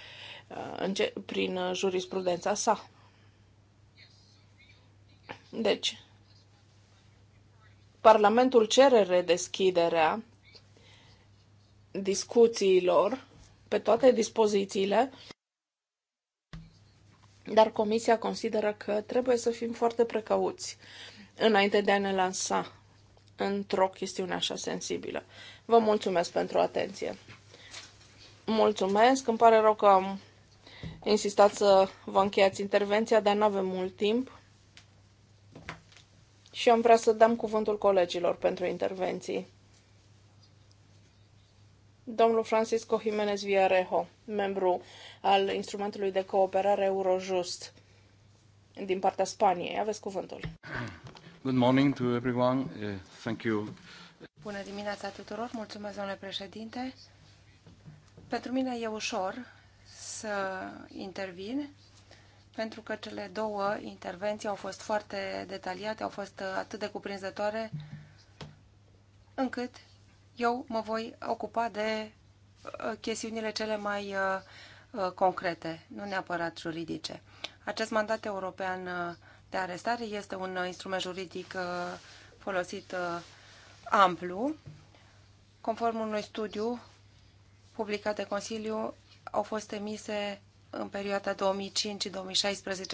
uh, prin uh, jurisprudența sa. Deci, Parlamentul cere redeschiderea discuțiilor pe toate dispozițiile, dar Comisia consideră că trebuie să fim foarte precauți înainte de a ne lansa într-o chestiune așa sensibilă. Vă mulțumesc pentru atenție. Mulțumesc, îmi pare rău că am insistat să vă încheiați intervenția, dar nu avem mult timp. Și am vrea să dăm cuvântul colegilor pentru intervenții domnul Francisco Jimenez Viarejo, membru al instrumentului de cooperare Eurojust din partea Spaniei. Aveți cuvântul. Good morning to everyone. Uh, thank you. Bună dimineața tuturor. Mulțumesc, domnule președinte. Pentru mine e ușor să intervin pentru că cele două intervenții au fost foarte detaliate, au fost atât de cuprinzătoare încât eu mă voi ocupa de uh, chestiunile cele mai uh, uh, concrete, nu neapărat juridice. Acest mandat european de arestare este un instrument juridic folosit amplu. Conform unui studiu publicat de Consiliu, au fost emise în perioada 2005-2016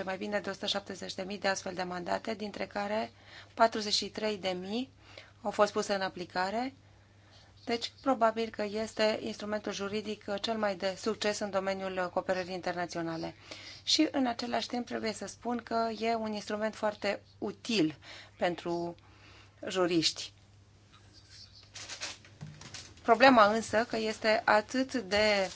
mai bine de 170.000 de astfel de mandate, dintre care 43.000 au fost puse în aplicare, deci, probabil că este instrumentul juridic cel mai de succes în domeniul cooperării internaționale. Și, în același timp, trebuie să spun că e un instrument foarte util pentru juriști. Problema însă că este atât de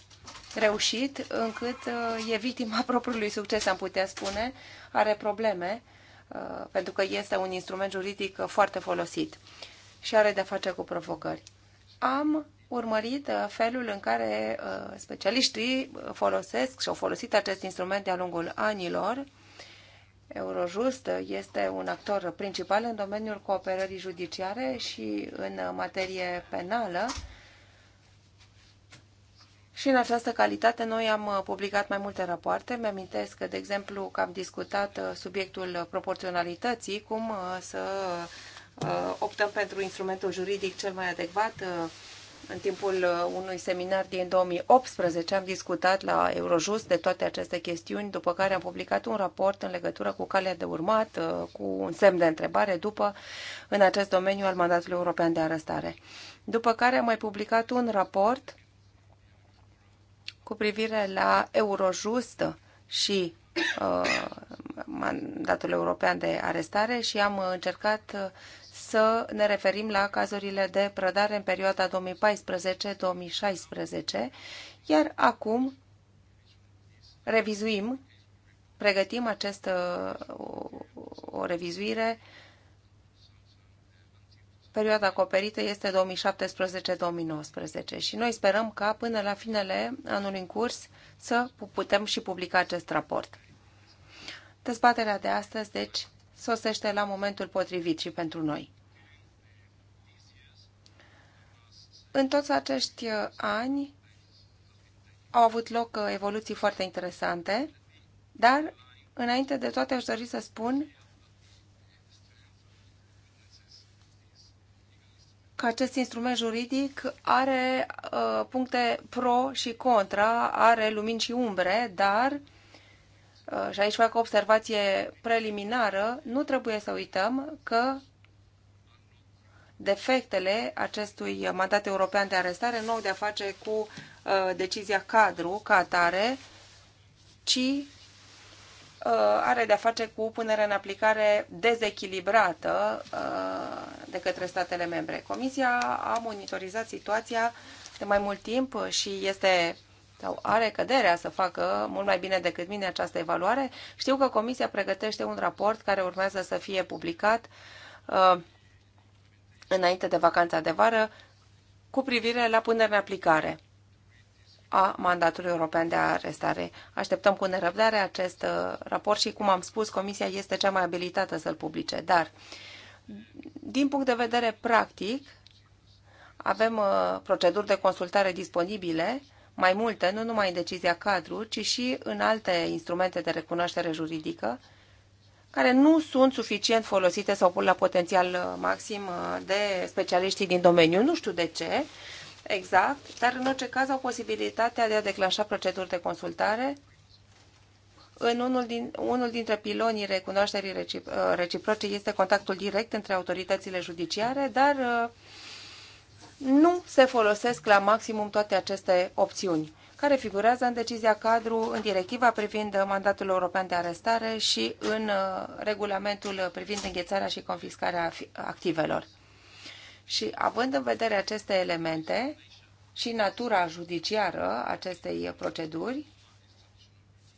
reușit încât uh, e victima propriului succes, am putea spune, are probleme, uh, pentru că este un instrument juridic foarte folosit și are de-a face cu provocări am urmărit uh, felul în care uh, specialiștii uh, folosesc și au folosit acest instrument de-a lungul anilor. Eurojust este un actor principal în domeniul cooperării judiciare și în materie penală. Și în această calitate noi am publicat mai multe rapoarte. Mi-amintesc, de exemplu, că am discutat subiectul proporționalității, cum să Uh, optăm pentru instrumentul juridic cel mai adecvat. Uh, în timpul uh, unui seminar din 2018 am discutat la Eurojust de toate aceste chestiuni, după care am publicat un raport în legătură cu calea de urmat, cu un semn de întrebare după în acest domeniu al mandatului european de arestare. După care am mai publicat un raport cu privire la Eurojust și mandatul european de arestare și am încercat să ne referim la cazurile de prădare în perioada 2014-2016, iar acum revizuim, pregătim această uh, o, o revizuire. Perioada acoperită este 2017-2019 și noi sperăm ca până la finele anului în curs să putem și publica acest raport. Dezbaterea de astăzi, deci, sosește la momentul potrivit și pentru noi. În toți acești uh, ani au avut loc uh, evoluții foarte interesante, dar înainte de toate aș dori să spun că acest instrument juridic are uh, puncte pro și contra, are lumini și umbre, dar, uh, și aici fac o observație preliminară, nu trebuie să uităm că defectele acestui mandat european de arestare nu au de a face cu uh, decizia cadru ca atare, ci uh, are de-a face cu punerea în aplicare dezechilibrată uh, de către statele membre. Comisia a monitorizat situația de mai mult timp și este sau are căderea să facă mult mai bine decât mine această evaluare. Știu că Comisia pregătește un raport care urmează să fie publicat înainte de vacanța de vară cu privire la punerea în aplicare a mandatului european de arestare. Așteptăm cu nerăbdare acest uh, raport și, cum am spus, Comisia este cea mai abilitată să-l publice. Dar, din punct de vedere practic, avem uh, proceduri de consultare disponibile, mai multe, nu numai în decizia cadru, ci și în alte instrumente de recunoaștere juridică, care nu sunt suficient folosite sau pun la potențial uh, maxim uh, de specialiștii din domeniu. Nu știu de ce exact, dar în orice caz au posibilitatea de a declanșa proceduri de consultare în unul, din, unul dintre pilonii recunoașterii uh, reciproce este contactul direct între autoritățile judiciare, dar nu se folosesc la maximum toate aceste opțiuni care figurează în decizia cadru, în directiva privind mandatul european de arestare și în uh, regulamentul privind înghețarea și confiscarea activelor. Și având în vedere aceste elemente și natura judiciară acestei proceduri,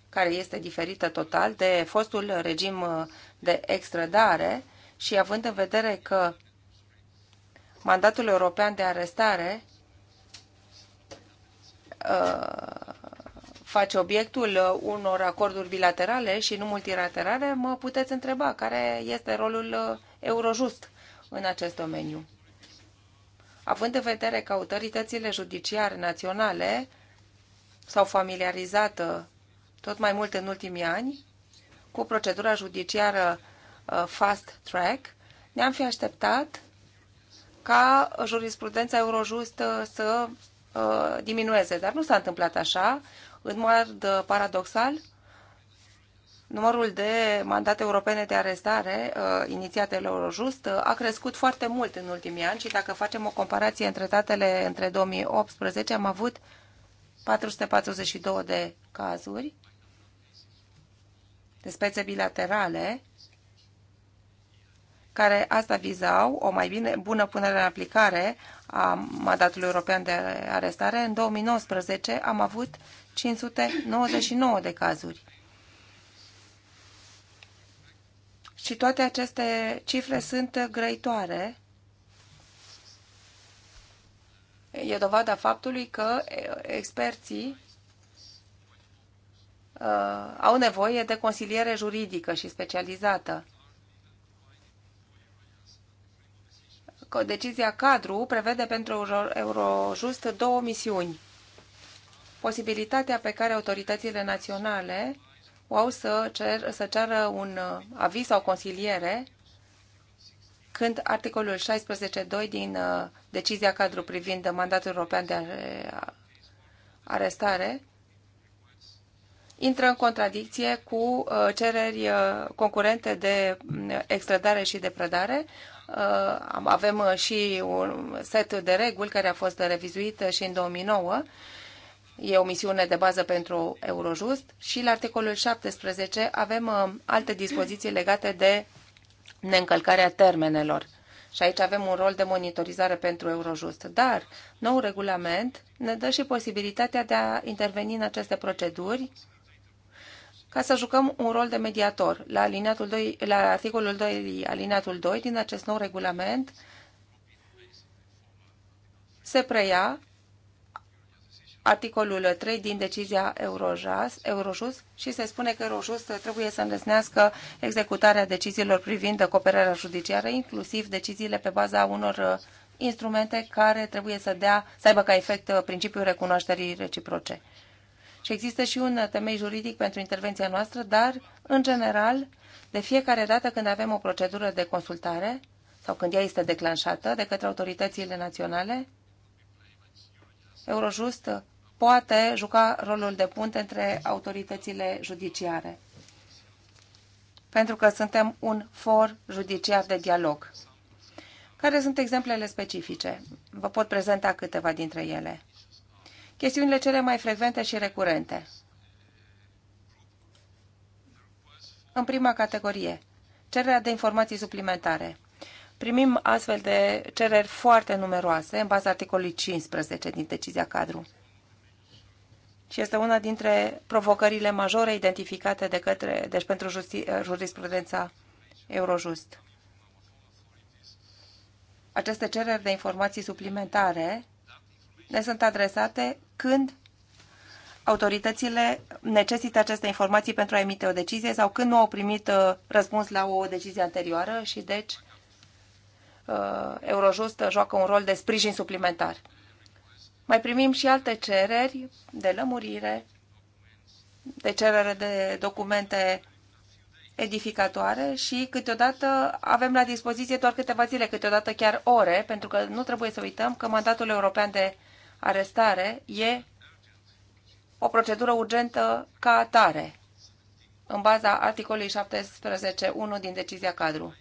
care este diferită total de fostul regim uh, de extradare și având în vedere că mandatul european de arestare Uh, face obiectul unor acorduri bilaterale și nu multilaterale, mă puteți întreba care este rolul uh, Eurojust în acest domeniu. Având în vedere că autoritățile judiciare naționale s-au familiarizat uh, tot mai mult în ultimii ani cu procedura judiciară fast track, ne-am fi așteptat ca jurisprudența Eurojust să Uh, diminueze, dar nu s-a întâmplat așa. În mod uh, paradoxal, numărul de mandate europene de arestare uh, inițiate la Eurojust uh, a crescut foarte mult în ultimii ani și dacă facem o comparație între datele între 2018 am avut 442 de cazuri de spețe bilaterale care asta vizau o mai bine bună punere în aplicare a mandatului european de arestare, în 2019 am avut 599 de cazuri. Și toate aceste cifre sunt grăitoare. E dovada faptului că experții uh, au nevoie de consiliere juridică și specializată. că decizia cadru prevede pentru Eurojust două misiuni. Posibilitatea pe care autoritățile naționale o au să, cer, să ceară un uh, aviz sau consiliere când articolul 16.2 din uh, decizia cadru privind mandatul european de arestare intră în contradicție cu uh, cereri concurente de mm, extradare și de predare. Uh, avem uh, și un set de reguli care a fost revizuit uh, și în 2009. E o misiune de bază pentru Eurojust și la articolul 17 avem alte dispoziții legate de neîncălcarea termenelor. Și aici avem un rol de monitorizare pentru Eurojust. Dar nou regulament ne dă și posibilitatea de a interveni în aceste proceduri ca să jucăm un rol de mediator. La, alineatul 2, la articolul 2, alineatul 2 din acest nou regulament se preia articolul 3 din decizia Eurojust, Eurojust și se spune că Eurojust trebuie să îndesnească executarea deciziilor privind cooperarea judiciară, inclusiv deciziile pe baza unor instrumente care trebuie să dea, să aibă ca efect principiul recunoașterii reciproce. Și există și un temei juridic pentru intervenția noastră, dar, în general, de fiecare dată când avem o procedură de consultare sau când ea este declanșată de către autoritățile naționale, Eurojust poate juca rolul de punte între autoritățile judiciare. Pentru că suntem un for judiciar de dialog. Care sunt exemplele specifice? Vă pot prezenta câteva dintre ele chestiunile cele mai frecvente și recurente. În prima categorie, cererea de informații suplimentare. Primim astfel de cereri foarte numeroase în baza articolului 15 din decizia cadru. Și este una dintre provocările majore identificate de către, deci pentru justi, jurisprudența Eurojust. Aceste cereri de informații suplimentare ne sunt adresate când autoritățile necesită aceste informații pentru a emite o decizie sau când nu au primit uh, răspuns la o decizie anterioară și deci uh, Eurojust joacă un rol de sprijin suplimentar. Mai primim și alte cereri de lămurire, de cerere de documente edificatoare și câteodată avem la dispoziție doar câteva zile, câteodată chiar ore, pentru că nu trebuie să uităm că mandatul european de arestare e o procedură urgentă ca atare, în baza articolului 17.1 din decizia cadru.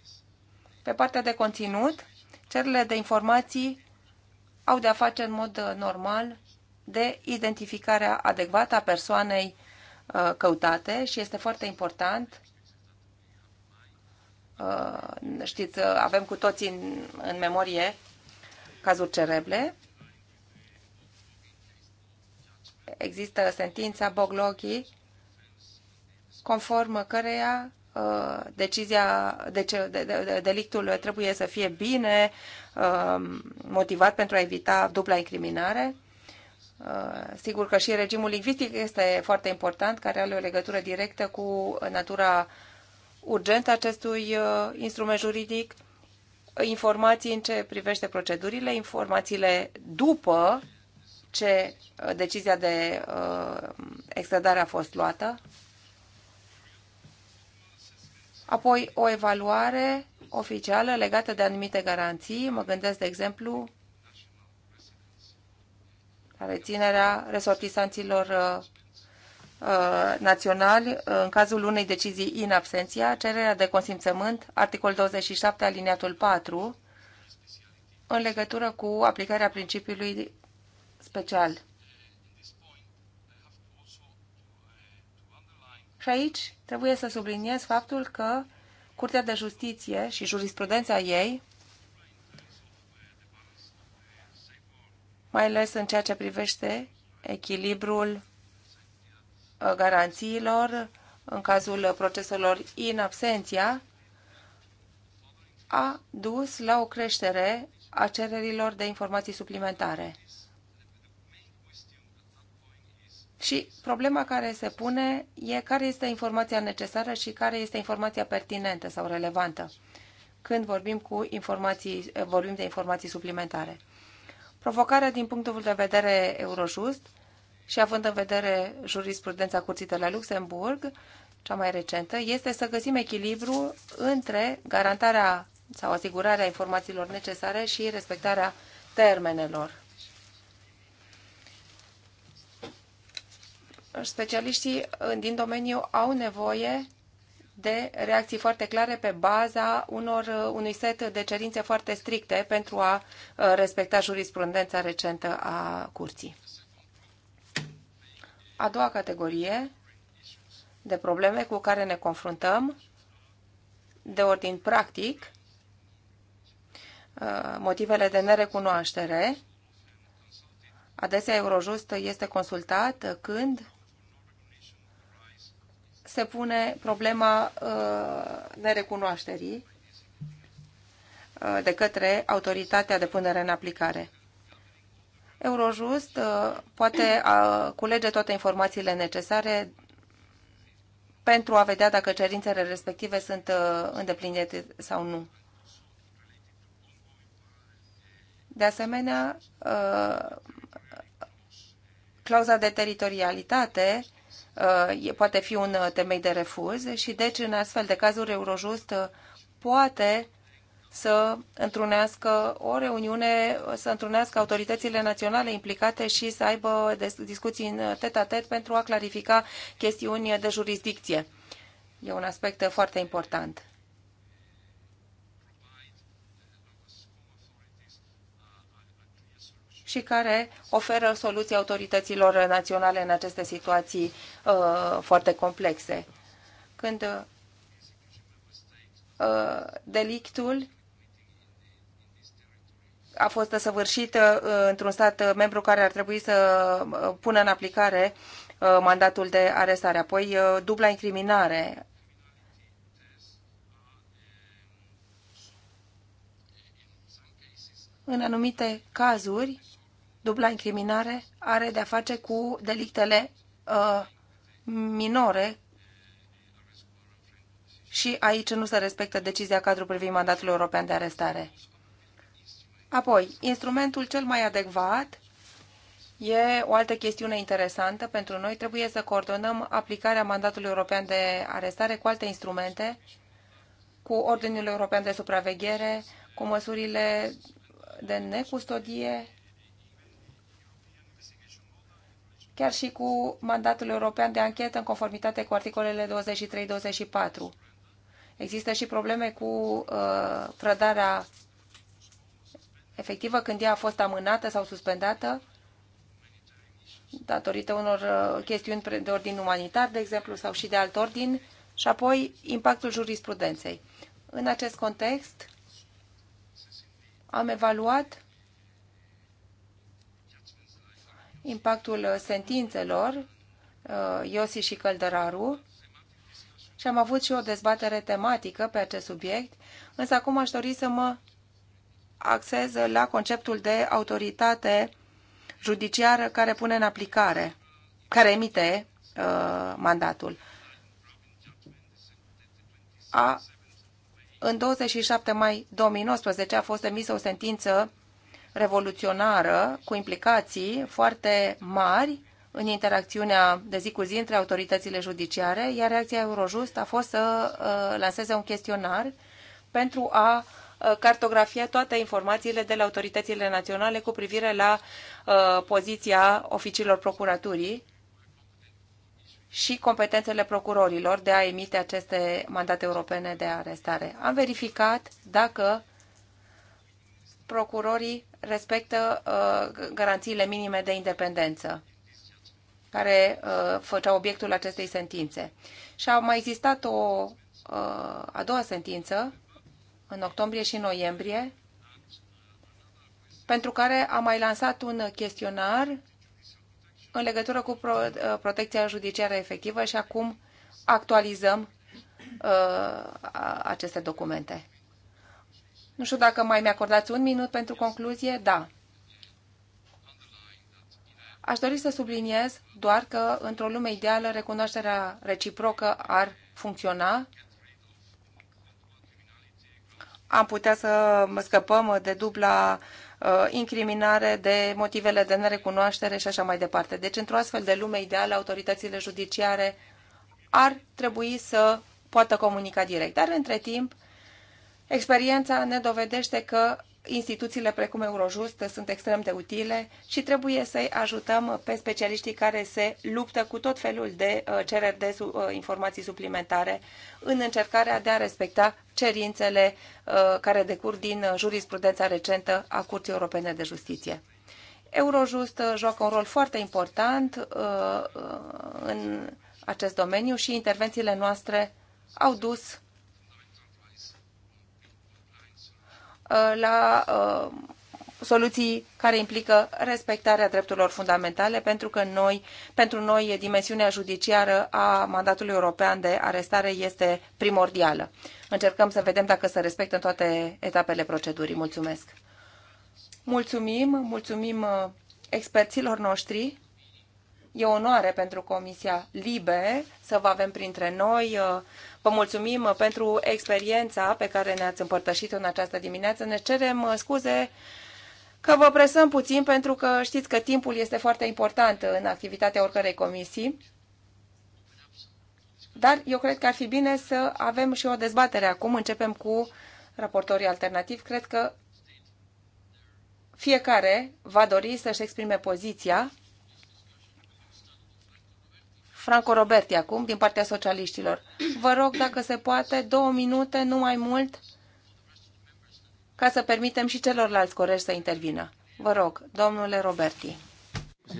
Pe partea de conținut, cererile de informații au de-a face în mod normal de identificarea adecvată a persoanei uh, căutate și este foarte important. Uh, știți, uh, avem cu toții în, în memorie cazuri Cereble există sentința Boglogi, conform căreia uh, decizia, ce, de, de, delictul trebuie să fie bine uh, motivat pentru a evita dupla incriminare. Uh, sigur că și regimul lingvistic este foarte important, care are o legătură directă cu natura urgentă acestui instrument juridic, informații în ce privește procedurile, informațiile după ce uh, decizia de uh, extradare a fost luată. Apoi o evaluare oficială legată de anumite garanții. Mă gândesc, de exemplu, la reținerea resortisanților uh, naționali în cazul unei decizii in absenția cererea de consimțământ, articol 27, aliniatul 4, în legătură cu aplicarea principiului special. Și aici trebuie să subliniez faptul că Curtea de Justiție și jurisprudența ei, mai ales în ceea ce privește echilibrul uh, garanțiilor în cazul proceselor in absentia, a dus la o creștere a cererilor de informații suplimentare. Și problema care se pune e care este informația necesară și care este informația pertinentă sau relevantă când vorbim, cu informații, vorbim de informații suplimentare. Provocarea din punctul de vedere Eurojust și având în vedere jurisprudența Curții de la Luxemburg, cea mai recentă, este să găsim echilibru între garantarea sau asigurarea informațiilor necesare și respectarea termenelor specialiștii din domeniu au nevoie de reacții foarte clare pe baza unor, unui set de cerințe foarte stricte pentru a respecta jurisprudența recentă a curții. A doua categorie de probleme cu care ne confruntăm de ordin practic, motivele de nerecunoaștere. Adesea Eurojust este consultat când se pune problema uh, nerecunoașterii uh, de către autoritatea de punere în aplicare. Eurojust uh, poate culege toate informațiile necesare pentru a vedea dacă cerințele respective sunt îndeplinite sau nu. De asemenea, clauza de teritorialitate poate fi un uh, temei de refuz și deci în astfel de cazuri Eurojust uh, poate să întrunească o reuniune, uh, să întrunească autoritățile naționale implicate și să aibă discuții în tet a -tet pentru a clarifica chestiuni de jurisdicție. E un aspect foarte important. și care oferă soluții autorităților naționale în aceste situații uh, foarte complexe. Când uh, delictul a fost săvârșit uh, într-un stat membru care ar trebui să uh, pună în aplicare uh, mandatul de arestare. Apoi, dubla incriminare. În anumite cazuri, Dubla incriminare are de-a face cu delictele uh, minore și aici nu se respectă decizia cadru privind mandatul european de arestare. Apoi, instrumentul cel mai adecvat e o altă chestiune interesantă pentru noi. Trebuie să coordonăm aplicarea mandatului european de arestare cu alte instrumente, cu Ordinul European de Supraveghere, cu măsurile de necustodie chiar și cu mandatul european de anchetă în conformitate cu articolele 23-24. Există și probleme cu uh, prădarea efectivă când ea a fost amânată sau suspendată datorită unor uh, chestiuni de ordin umanitar, de exemplu, sau și de alt ordin, și apoi impactul jurisprudenței. În acest context, am evaluat impactul uh, sentințelor, uh, Iosi și Căldăraru, și am avut și o dezbatere tematică pe acest subiect, însă acum aș dori să mă axez la conceptul de autoritate judiciară care pune în aplicare, care emite uh, mandatul. A, în 27 mai 2019 a fost emisă o sentință revoluționară cu implicații foarte mari în interacțiunea de zi cu zi între autoritățile judiciare, iar reacția Eurojust a fost să uh, lanseze un chestionar pentru a uh, cartografia toate informațiile de la autoritățile naționale cu privire la uh, poziția oficiilor procuraturii și competențele procurorilor de a emite aceste mandate europene de arestare. Am verificat dacă procurorii respectă uh, garanțiile minime de independență care uh, făceau obiectul acestei sentințe. Și a mai existat o uh, a doua sentință în octombrie și noiembrie pentru care a mai lansat un chestionar în legătură cu pro, uh, protecția judiciară efectivă și acum actualizăm uh, aceste documente. Nu știu dacă mai mi-acordați un minut pentru concluzie. Da. Aș dori să subliniez doar că, într-o lume ideală, recunoașterea reciprocă ar funcționa. Am putea să scăpăm de dubla uh, incriminare, de motivele de nerecunoaștere și așa mai departe. Deci, într-o astfel de lume ideală, autoritățile judiciare ar trebui să poată comunica direct. Dar, între timp, Experiența ne dovedește că instituțiile precum Eurojust sunt extrem de utile și trebuie să-i ajutăm pe specialiștii care se luptă cu tot felul de uh, cereri de uh, informații suplimentare în încercarea de a respecta cerințele uh, care decur din jurisprudența recentă a Curții Europene de Justiție. Eurojust joacă un rol foarte important în acest domeniu și intervențiile noastre au dus Uh, la uh, soluții care implică respectarea drepturilor fundamentale, pentru că noi, pentru noi dimensiunea judiciară a mandatului european de arestare este primordială. Încercăm să vedem dacă se respectă în toate etapele procedurii. Mulțumesc! Mulțumim, mulțumim uh, experților noștri. E onoare pentru Comisia Libe să vă avem printre noi. Vă mulțumim pentru experiența pe care ne-ați împărtășit-o în această dimineață. Ne cerem uh, scuze că vă presăm puțin pentru că știți că timpul este foarte important în activitatea oricărei comisii. Dar eu cred că ar fi bine să avem și o dezbatere acum. Începem cu raportorii alternativi. Cred că fiecare va dori să-și exprime poziția Franco Roberti acum, din partea socialiștilor. Vă rog, dacă se poate, două minute, nu mai mult, ca să permitem și celorlalți corești să intervină. Vă rog, domnule Roberti.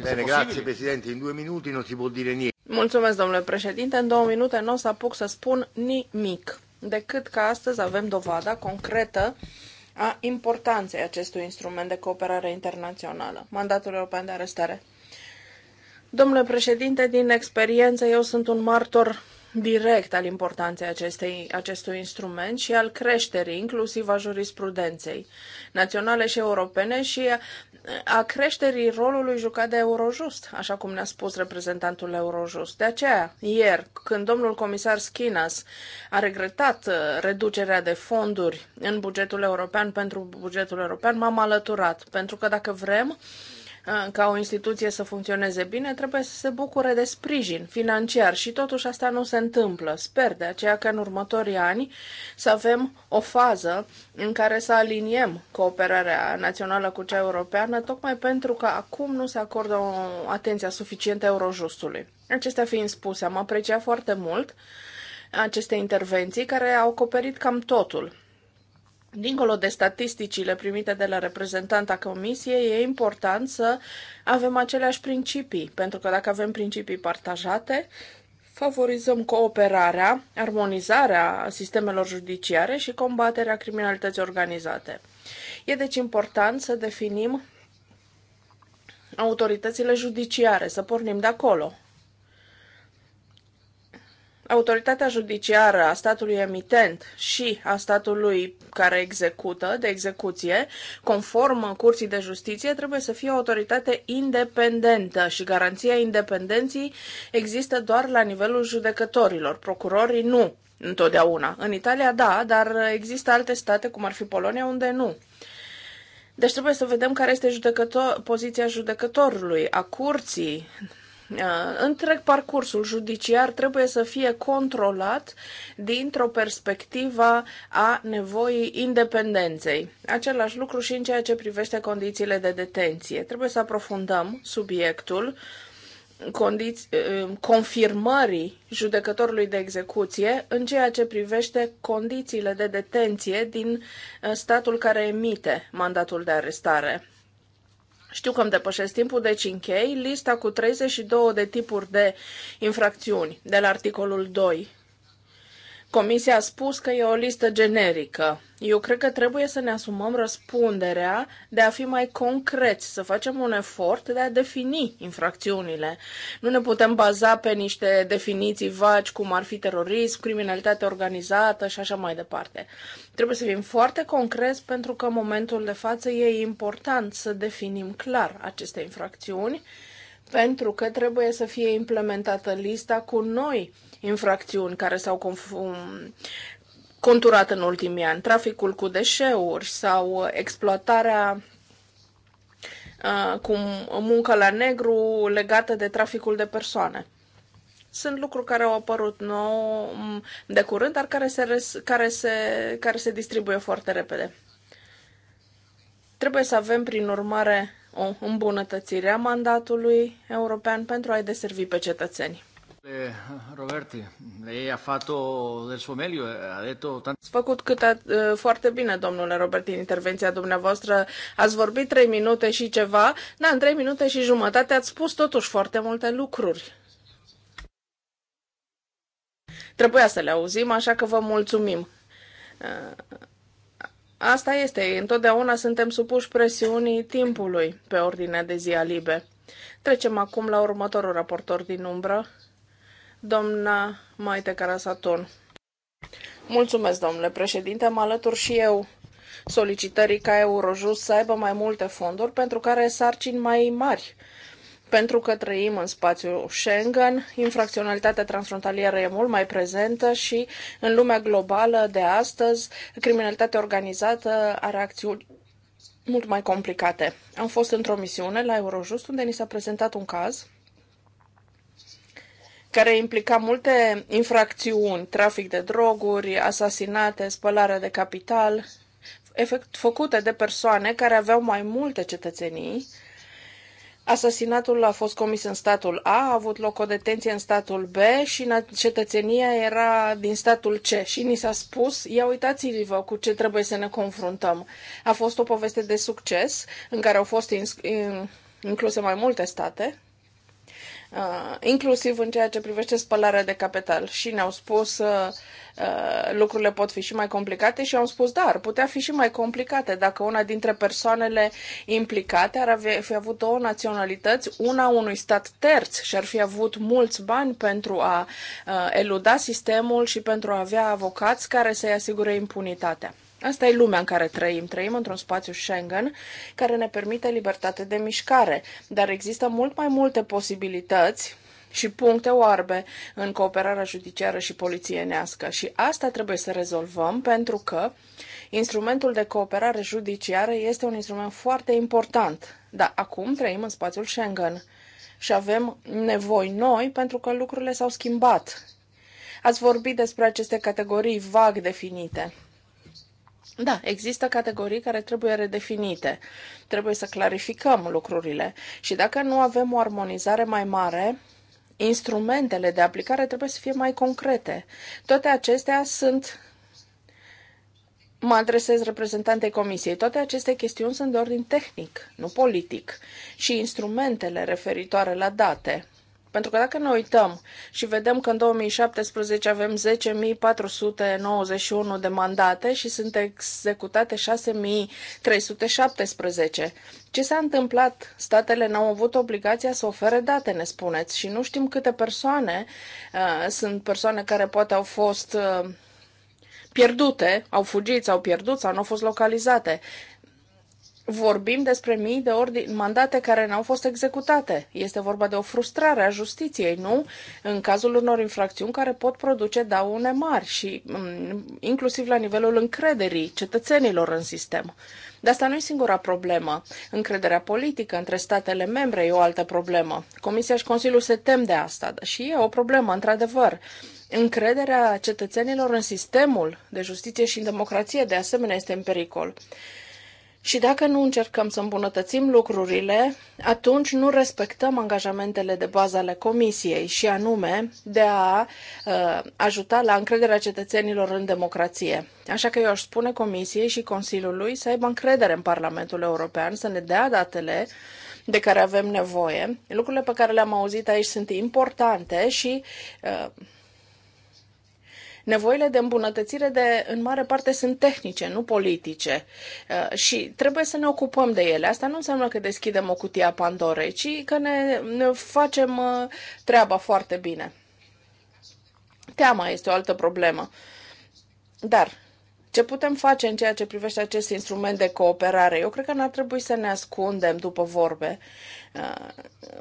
Bine, grazie, președinte. În două minute nu se pot dire Mulțumesc, domnule președinte. În două minute nu o să apuc să spun nimic, decât că astăzi avem dovada concretă a importanței acestui instrument de cooperare internațională, mandatul european de arestare. Domnule președinte, din experiență eu sunt un martor direct al importanței acestei, acestui instrument și al creșterii, inclusiv a jurisprudenței naționale și europene și a creșterii rolului jucat de Eurojust, așa cum ne-a spus reprezentantul Eurojust. De aceea, ieri, când domnul comisar Schinas a regretat uh, reducerea de fonduri în bugetul european pentru bugetul european, m-am alăturat, pentru că dacă vrem, Ah, ca o instituție să funcționeze bine, trebuie să se bucure de sprijin financiar și totuși asta nu se întâmplă. Sper de aceea că în următorii ani să avem o fază în care să aliniem cooperarea națională cu cea europeană, tocmai pentru că acum nu se acordă o atenția suficientă Eurojustului. Acestea fiind spuse, am apreciat foarte mult aceste intervenții care au acoperit cam totul Dincolo de statisticile primite de la reprezentanta Comisiei, e important să avem aceleași principii, pentru că dacă avem principii partajate, favorizăm cooperarea, armonizarea sistemelor judiciare și combaterea criminalității organizate. E deci important să definim autoritățile judiciare, să pornim de acolo autoritatea judiciară a statului emitent și a statului care execută, de execuție, conform Curții de Justiție, trebuie să fie o autoritate independentă și garanția independenții există doar la nivelul judecătorilor. Procurorii nu, întotdeauna. În Italia, da, dar există alte state, cum ar fi Polonia, unde nu. Deci trebuie să vedem care este judecător, poziția judecătorului, a curții, Uh, întreg parcursul judiciar trebuie să fie controlat dintr-o perspectivă a nevoii independenței. Același lucru și în ceea ce privește condițiile de detenție. Trebuie să aprofundăm subiectul uh, confirmării judecătorului de execuție în ceea ce privește condițiile de detenție din uh, statul care emite mandatul de arestare. Știu că îmi depășesc timpul, deci închei lista cu 32 de tipuri de infracțiuni de la articolul 2 Comisia a spus că e o listă generică. Eu cred că trebuie să ne asumăm răspunderea de a fi mai concreți, să facem un efort de a defini infracțiunile. Nu ne putem baza pe niște definiții vagi, cum ar fi terorism, criminalitate organizată și așa mai departe. Trebuie să fim foarte concreți pentru că în momentul de față e important să definim clar aceste infracțiuni pentru că trebuie să fie implementată lista cu noi infracțiuni care s-au conturat în ultimii ani, traficul cu deșeuri sau exploatarea cu muncă la negru legată de traficul de persoane. Sunt lucruri care au apărut nou de curând, dar care se, care se, care se distribuie foarte repede. Trebuie să avem, prin urmare, o îmbunătățire a mandatului european pentru a-i deservi pe cetățeni. Roberti, ei a fatto del suo meglio, a detto tanto. Ați făcut cât a, uh, foarte bine, domnule Roberti, în intervenția dumneavoastră. Ați vorbit trei minute și ceva. Da, în trei minute și jumătate ați spus totuși foarte multe lucruri. Trebuia să le auzim, așa că vă mulțumim. Uh, Asta este, întotdeauna suntem supuși presiunii timpului pe ordinea de zi a libe. Trecem acum la următorul raportor din umbră, doamna Maite Carasaton. Mulțumesc, domnule președinte, mă alătur și eu solicitării ca Eurojust să aibă mai multe fonduri pentru care sarcini mai mari pentru că trăim în spațiul Schengen, infracționalitatea transfrontalieră e mult mai prezentă și în lumea globală de astăzi, criminalitatea organizată are acțiuni mult mai complicate. Am fost într-o misiune la Eurojust unde ni s-a prezentat un caz care implica multe infracțiuni, trafic de droguri, asasinate, spălare de capital, efect, făcute de persoane care aveau mai multe cetățenii Asasinatul a fost comis în statul A, a avut loc o detenție în statul B și cetățenia era din statul C. Și ni s-a spus, ia uitați-vă cu ce trebuie să ne confruntăm. A fost o poveste de succes în care au fost incluse mai multe state, uh, inclusiv în ceea ce privește spălarea de capital. Și ne-au spus uh, uh, lucrurile pot fi și mai complicate și am spus da, putea fi și mai complicate dacă una dintre persoanele implicate ar avea, fi avut două naționalități, una unui stat terț și ar fi avut mulți bani pentru a uh, eluda sistemul și pentru a avea avocați care să-i asigure impunitatea. Asta e lumea în care trăim. Trăim într-un spațiu Schengen care ne permite libertate de mișcare, dar există mult mai multe posibilități și puncte oarbe în cooperarea judiciară și polițienească. Și asta trebuie să rezolvăm pentru că instrumentul de cooperare judiciară este un instrument foarte important. Dar acum trăim în spațiul Schengen și avem nevoi noi pentru că lucrurile s-au schimbat. Ați vorbit despre aceste categorii vag definite. Da, există categorii care trebuie redefinite. Trebuie să clarificăm lucrurile și dacă nu avem o armonizare mai mare, instrumentele de aplicare trebuie să fie mai concrete. Toate acestea sunt mă adresez reprezentantei comisiei. Toate aceste chestiuni sunt de ordin tehnic, nu politic, și instrumentele referitoare la date pentru că dacă ne uităm și vedem că în 2017 avem 10.491 de mandate și sunt executate 6.317. Ce s-a întâmplat? Statele n-au avut obligația să ofere date, ne spuneți, și nu știm câte persoane uh, sunt persoane care poate au fost uh, pierdute, au fugit, au pierdut sau nu au fost localizate vorbim despre mii de ordini, mandate care n-au fost executate. Este vorba de o frustrare a justiției, nu? În cazul unor infracțiuni care pot produce daune mari și mm, inclusiv la nivelul încrederii cetățenilor în sistem. Dar asta nu e singura problemă. Încrederea politică între statele membre e o altă problemă. Comisia și Consiliul se tem de asta și e o problemă, într-adevăr. Încrederea cetățenilor în sistemul de justiție și în democrație, de asemenea, este în pericol. Și dacă nu încercăm să îmbunătățim lucrurile, atunci nu respectăm angajamentele de bază ale Comisiei, și anume de a uh, ajuta la încrederea cetățenilor în democrație. Așa că eu aș spune Comisiei și Consiliului să aibă încredere în Parlamentul European, să ne dea datele de care avem nevoie. Lucrurile pe care le-am auzit aici sunt importante și. Uh, Nevoile de îmbunătățire de, în mare parte sunt tehnice, nu politice uh, și trebuie să ne ocupăm de ele. Asta nu înseamnă că deschidem o cutie a Pandorei, ci că ne, ne facem uh, treaba foarte bine. Teama este o altă problemă. Dar ce putem face în ceea ce privește acest instrument de cooperare? Eu cred că n-ar trebui să ne ascundem după vorbe, uh,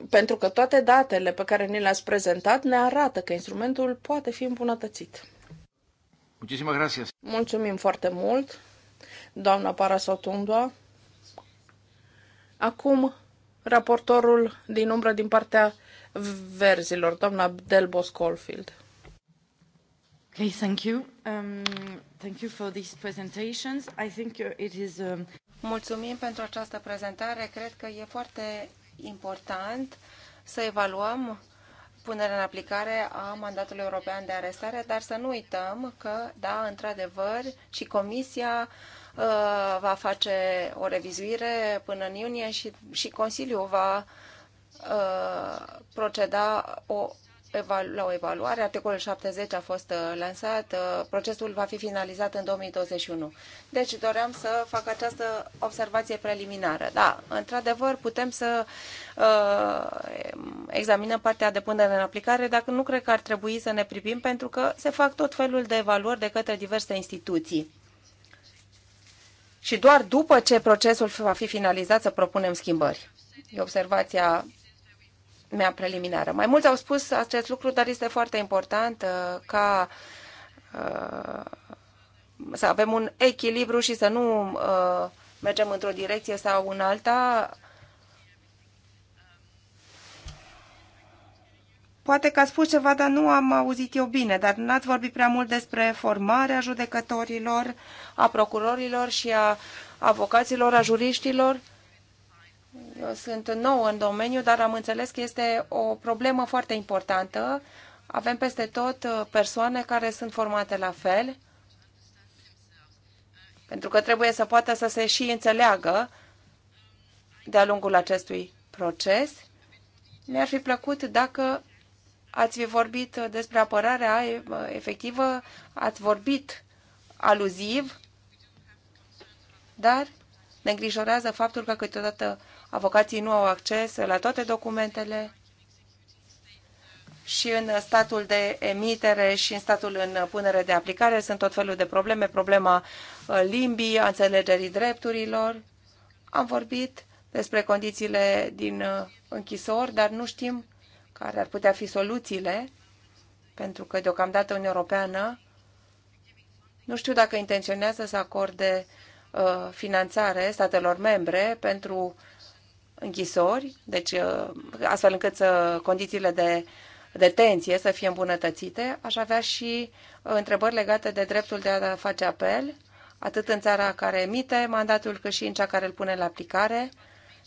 pentru că toate datele pe care ni le-ați prezentat ne arată că instrumentul poate fi îmbunătățit. Mulțumim foarte mult, doamna Parasotundua. Acum, raportorul din umbră din partea verzilor, doamna Del Boscolfield. Okay, thank you. Um, thank you for these presentations. I think it is. Um... Mulțumim pentru această prezentare. Cred că e foarte important să evaluăm punerea în aplicare a mandatului european de arestare, dar să nu uităm că, da, într-adevăr, și Comisia uh, va face o revizuire până în iunie și, și Consiliul va uh, proceda o, la o evaluare. Articolul 70 a fost uh, lansat. Uh, procesul va fi finalizat în 2021. Deci doream să fac această observație preliminară. Da, într-adevăr, putem să uh, examinăm partea de punere în aplicare, dacă nu cred că ar trebui să ne privim, pentru că se fac tot felul de evaluări de către diverse instituții. Și doar după ce procesul va fi finalizat să propunem schimbări. E observația mea preliminară. Mai mulți au spus acest lucru, dar este foarte important uh, ca uh, să avem un echilibru și să nu uh, mergem într-o direcție sau în alta. Poate că ați spus ceva, dar nu am auzit eu bine, dar n-ați vorbit prea mult despre formarea judecătorilor, a procurorilor și a avocaților, a juriștilor. Eu sunt nou în domeniu, dar am înțeles că este o problemă foarte importantă. Avem peste tot uh, persoane care sunt formate la fel, pentru că trebuie să poată să se și înțeleagă de-a lungul acestui proces. Mi-ar fi plăcut dacă ați fi vorbit despre apărarea efectivă, ați vorbit aluziv, dar ne îngrijorează faptul că câteodată avocații nu au acces la toate documentele și în statul de emitere și în statul în punere de aplicare sunt tot felul de probleme, problema uh, limbii, a înțelegerii drepturilor. Am vorbit despre condițiile din uh, închisori, dar nu știm care ar putea fi soluțiile, pentru că deocamdată Uniunea Europeană nu știu dacă intenționează să acorde uh, finanțare statelor membre pentru uh, închisori, deci uh, astfel încât să condițiile de detenție să fie îmbunătățite. Aș avea și uh, întrebări legate de dreptul de a face apel, atât în țara care emite mandatul, cât și în cea care îl pune la aplicare.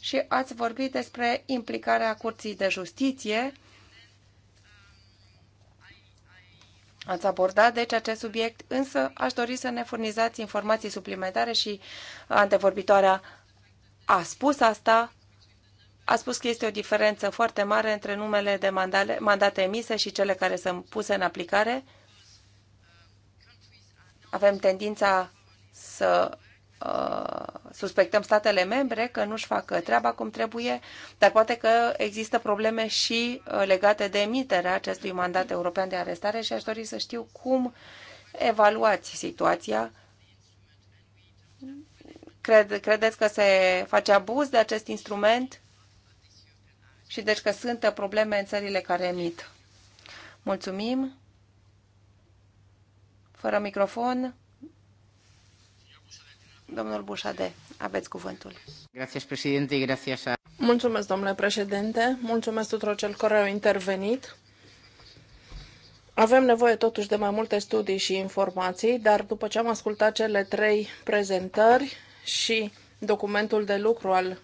Și ați vorbit despre implicarea Curții de Justiție. Ați abordat, deci, acest subiect, însă aș dori să ne furnizați informații suplimentare și antevorbitoarea a spus asta, a spus că este o diferență foarte mare între numele de mandale, mandate emise și cele care sunt puse în aplicare. Avem tendința să uh, suspectăm statele membre că nu-și facă treaba cum trebuie, dar poate că există probleme și uh, legate de emiterea acestui mandat european de arestare și aș dori să știu cum evaluați situația. Cred, credeți că se face abuz de acest instrument? și deci că sunt probleme în țările care emit. Mulțumim. Fără microfon. Domnul Bușade, aveți cuvântul. Mulțumesc, domnule președinte. Mulțumesc tuturor celor care au intervenit. Avem nevoie totuși de mai multe studii și informații, dar după ce am ascultat cele trei prezentări și documentul de lucru al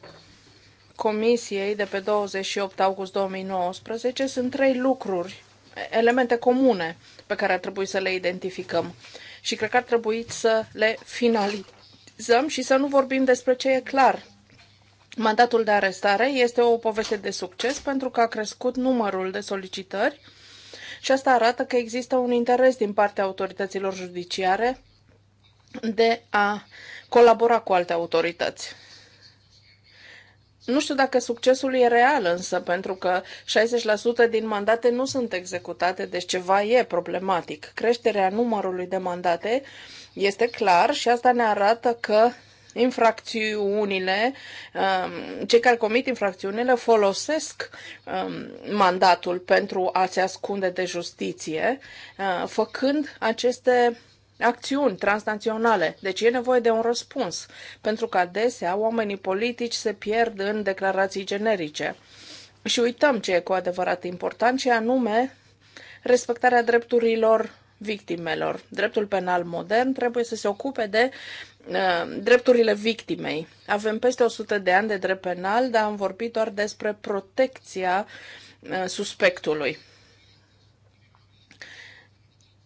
Comisiei de pe 28 august 2019 sunt trei lucruri, elemente comune pe care ar trebui să le identificăm și cred că ar trebui să le finalizăm și să nu vorbim despre ce e clar. Mandatul de arestare este o poveste de succes pentru că a crescut numărul de solicitări și asta arată că există un interes din partea autorităților judiciare de a colabora cu alte autorități. Nu știu dacă succesul e real, însă, pentru că 60% din mandate nu sunt executate, deci ceva e problematic. Creșterea numărului de mandate este clar și asta ne arată că infracțiunile, um, cei care comit infracțiunile folosesc um, mandatul pentru a se ascunde de justiție, uh, făcând aceste acțiuni transnaționale. Deci e nevoie de un răspuns, pentru că adesea oamenii politici se pierd în declarații generice și uităm ce e cu adevărat important, și anume respectarea drepturilor victimelor. Dreptul penal modern trebuie să se ocupe de uh, drepturile victimei. Avem peste 100 de ani de drept penal, dar am vorbit doar despre protecția uh, suspectului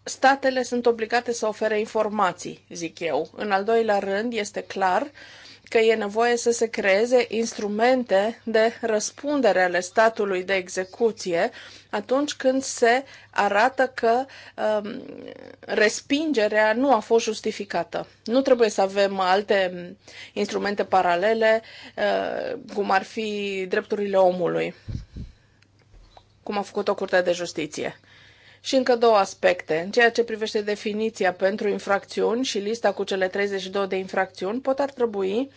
statele sunt obligate să ofere informații, zic eu. În al doilea rând, este clar că e nevoie să se creeze instrumente de răspundere ale statului de execuție atunci când se arată că um, respingerea nu a fost justificată. Nu trebuie să avem alte instrumente paralele, uh, cum ar fi drepturile omului, cum a făcut-o curte de Justiție. Și încă două aspecte. În ceea ce privește definiția pentru infracțiuni și lista cu cele 32 de infracțiuni, pot ar trebui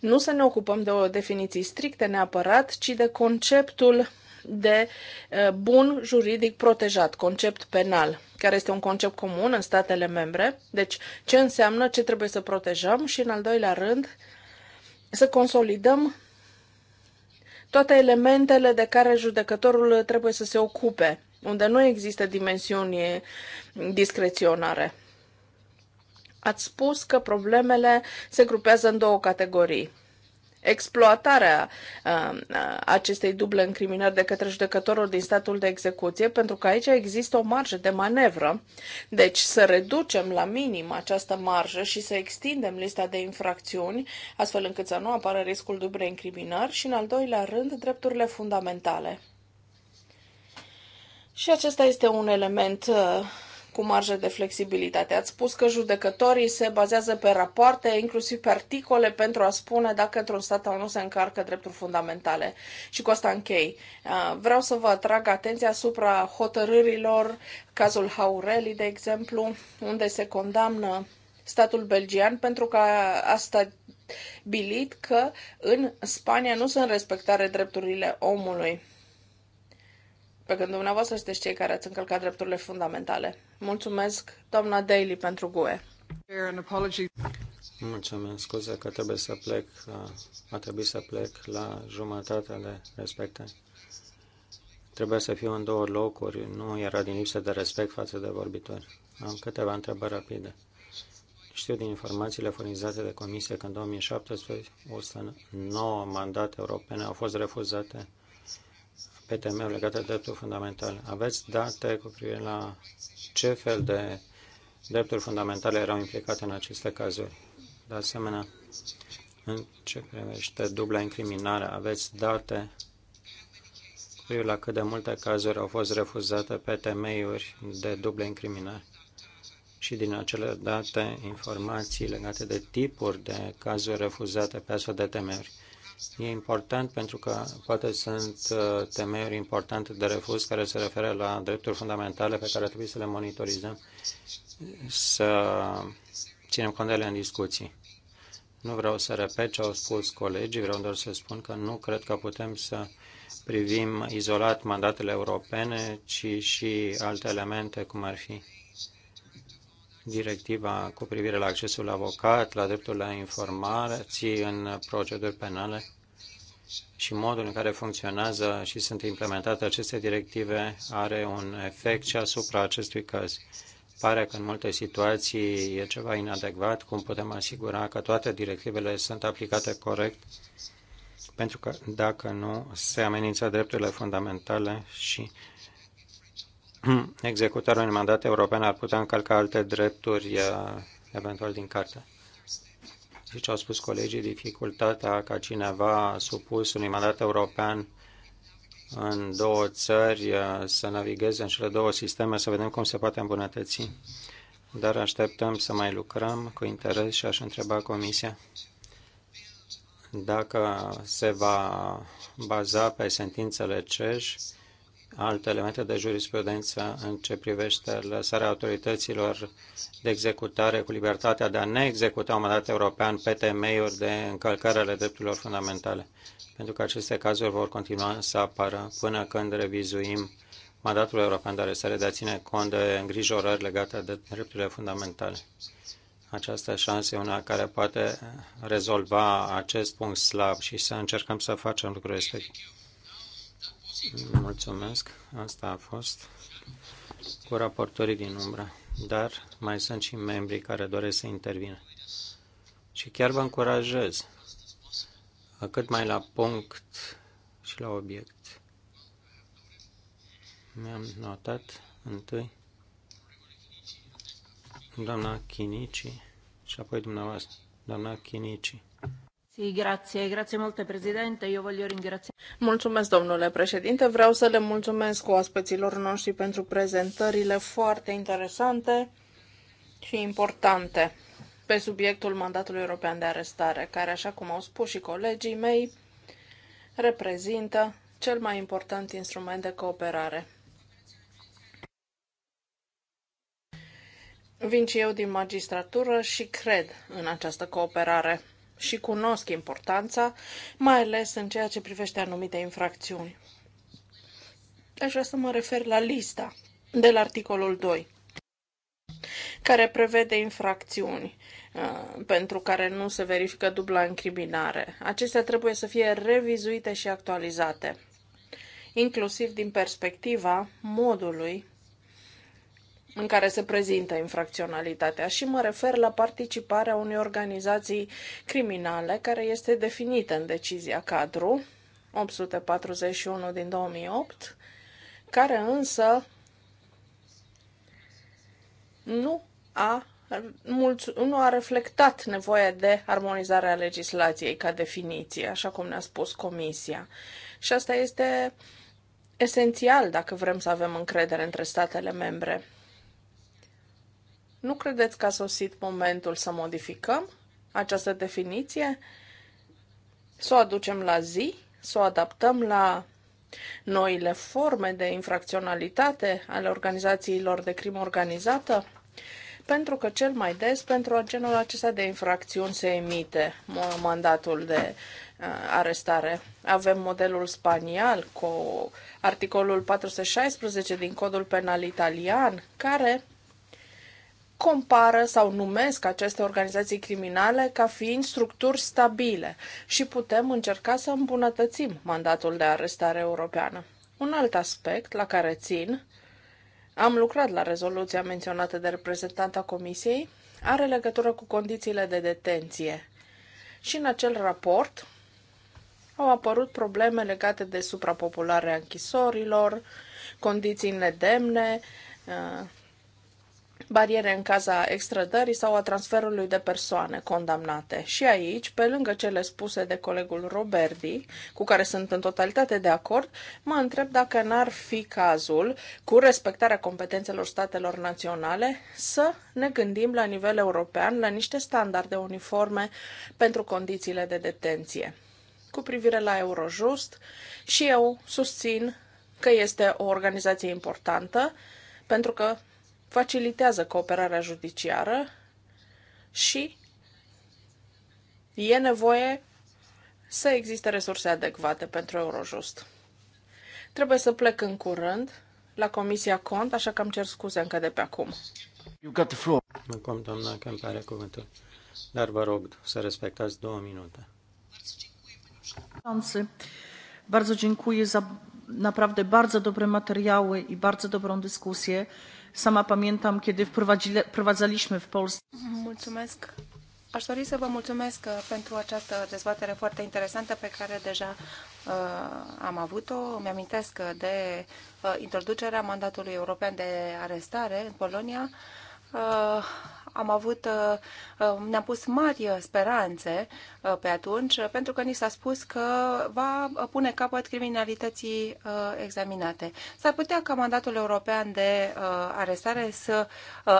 nu să ne ocupăm de o definiție strictă neapărat, ci de conceptul de bun juridic protejat, concept penal, care este un concept comun în statele membre. Deci, ce înseamnă, ce trebuie să protejăm și, în al doilea rând, să consolidăm toate elementele de care judecătorul trebuie să se ocupe unde nu există dimensiuni discreționare. Ați spus că problemele se grupează în două categorii exploatarea uh, acestei duble încriminări de către judecătorul din statul de execuție, pentru că aici există o marjă de manevră. Deci să reducem la minim această marjă și să extindem lista de infracțiuni, astfel încât să nu apară riscul dublei încriminări și, în al doilea rând, drepturile fundamentale. Și acesta este un element uh, cu marjă de flexibilitate. Ați spus că judecătorii se bazează pe rapoarte, inclusiv pe articole, pentru a spune dacă într-un stat sau nu se încarcă drepturi fundamentale. Și cu asta închei. Uh, vreau să vă atrag atenția asupra hotărârilor, cazul Haureli, de exemplu, unde se condamnă statul belgian pentru că a stabilit că în Spania nu sunt respectare drepturile omului pe când dumneavoastră sunteți cei care ați încălcat drepturile fundamentale. Mulțumesc, doamna Daly, pentru GUE. Mulțumesc, scuze că trebuie să plec, a trebuit să plec la jumătate de respecte. Trebuia să fiu în două locuri, nu era din lipsă de respect față de vorbitori. Am câteva întrebări rapide. Știu din informațiile furnizate de comisie că în 2017 109 mandate europene au fost refuzate pe temeiul legat de dreptul fundamental. Aveți date cu privire la ce fel de drepturi fundamentale erau implicate în aceste cazuri? De asemenea, în ce privește dubla incriminare, aveți date cu privire la cât de multe cazuri au fost refuzate pe temeiuri de dublă incriminare? și din acele date informații legate de tipuri de cazuri refuzate pe astfel de temeri. E important pentru că poate sunt uh, temeri importante de refuz care se referă la drepturi fundamentale pe care trebuie să le monitorizăm, să ținem cont de ele în discuții. Nu vreau să repet ce au spus colegii, vreau doar să spun că nu cred că putem să privim izolat mandatele europene, ci și alte elemente, cum ar fi directiva cu privire la accesul la avocat, la dreptul la informații în proceduri penale și modul în care funcționează și sunt implementate aceste directive are un efect și asupra acestui caz. Pare că în multe situații e ceva inadecvat, cum putem asigura că toate directivele sunt aplicate corect, pentru că dacă nu, se amenință drepturile fundamentale și Hmm. executorul în mandat european ar putea încălca alte drepturi uh, eventual din carte. ce deci au spus colegii dificultatea ca cineva supus unui mandat european în două țări uh, să navigheze în cele două sisteme, să vedem cum se poate îmbunătăți. Dar așteptăm să mai lucrăm cu interes și aș întreba Comisia dacă se va baza pe sentințele cești alte elemente de jurisprudență în ce privește lăsarea autorităților de executare cu libertatea de a ne executa un mandat european pe temeiuri de încălcare ale drepturilor fundamentale, pentru că aceste cazuri vor continua să apară până când revizuim mandatul european de arestare de a ține cont de îngrijorări legate de drepturile fundamentale. Această șansă e una care poate rezolva acest punct slab și să încercăm să facem lucrul respectiv. Mulțumesc. Asta a fost cu raportorii din umbră. Dar mai sunt și membrii care doresc să intervină. Și chiar vă încurajez cât mai la punct și la obiect. Mi-am notat întâi doamna Chinici și apoi dumneavoastră, doamna Chinici. Grazie, grazie Eu voglio ringrazia... Mulțumesc, domnule președinte. Vreau să le mulțumesc oaspeților noștri pentru prezentările foarte interesante și importante pe subiectul mandatului european de arestare, care, așa cum au spus și colegii mei, reprezintă cel mai important instrument de cooperare. Vin și eu din magistratură și cred în această cooperare și cunosc importanța, mai ales în ceea ce privește anumite infracțiuni. Aș vrea să mă refer la lista de la articolul 2, care prevede infracțiuni uh, pentru care nu se verifică dubla incriminare. Acestea trebuie să fie revizuite și actualizate, inclusiv din perspectiva modului în care se prezintă infracționalitatea și mă refer la participarea unei organizații criminale care este definită în decizia cadru 841 din 2008, care însă nu a nu a reflectat nevoia de armonizare a legislației ca definiție, așa cum ne-a spus Comisia. Și asta este esențial dacă vrem să avem încredere între statele membre. Nu credeți că a sosit momentul să modificăm această definiție? Să o aducem la zi? Să o adaptăm la noile forme de infracționalitate ale organizațiilor de crimă organizată? Pentru că cel mai des pentru genul acesta de infracțiuni se emite mandatul de uh, arestare. Avem modelul spanial cu articolul 416 din codul penal italian, care compară sau numesc aceste organizații criminale ca fiind structuri stabile și putem încerca să îmbunătățim mandatul de arestare europeană. Un alt aspect la care țin, am lucrat la rezoluția menționată de reprezentanta Comisiei, are legătură cu condițiile de detenție. Și în acel raport au apărut probleme legate de suprapopularea închisorilor, condiții nedemne, uh, bariere în caza extrădării sau a transferului de persoane condamnate. Și aici, pe lângă cele spuse de colegul Roberti, cu care sunt în totalitate de acord, mă întreb dacă n-ar fi cazul, cu respectarea competențelor statelor naționale, să ne gândim la nivel european la niște standarde uniforme pentru condițiile de detenție. Cu privire la Eurojust, și eu susțin că este o organizație importantă, pentru că facilitează cooperarea judiciară și e nevoie să existe resurse adecvate pentru Eurojust. Trebuie să plec în curând la Comisia Cont, așa că îmi cer scuze încă de pe acum. You got the floor. Acum, doamna Kemp are cuvântul. Dar vă rog să respectați două minute. Bardzo dziękuję za naprawdę bardzo dobre materiały i bardzo dobrą dyskusję. Sama pamiętam, kiedy wprowadzaliśmy w Polsce. Mulțumesc. Aș dori să vă mulțumesc uh, pentru această dezbatere foarte interesantă pe care deja uh, am avut-o. Îmi amintesc de uh, introducerea mandatului european de arestare în Polonia. Uh, am avut, uh, uh, ne-am pus mari uh, speranțe pe atunci, pentru că ni s-a spus că va pune capăt criminalității examinate. S-ar putea ca mandatul european de arestare să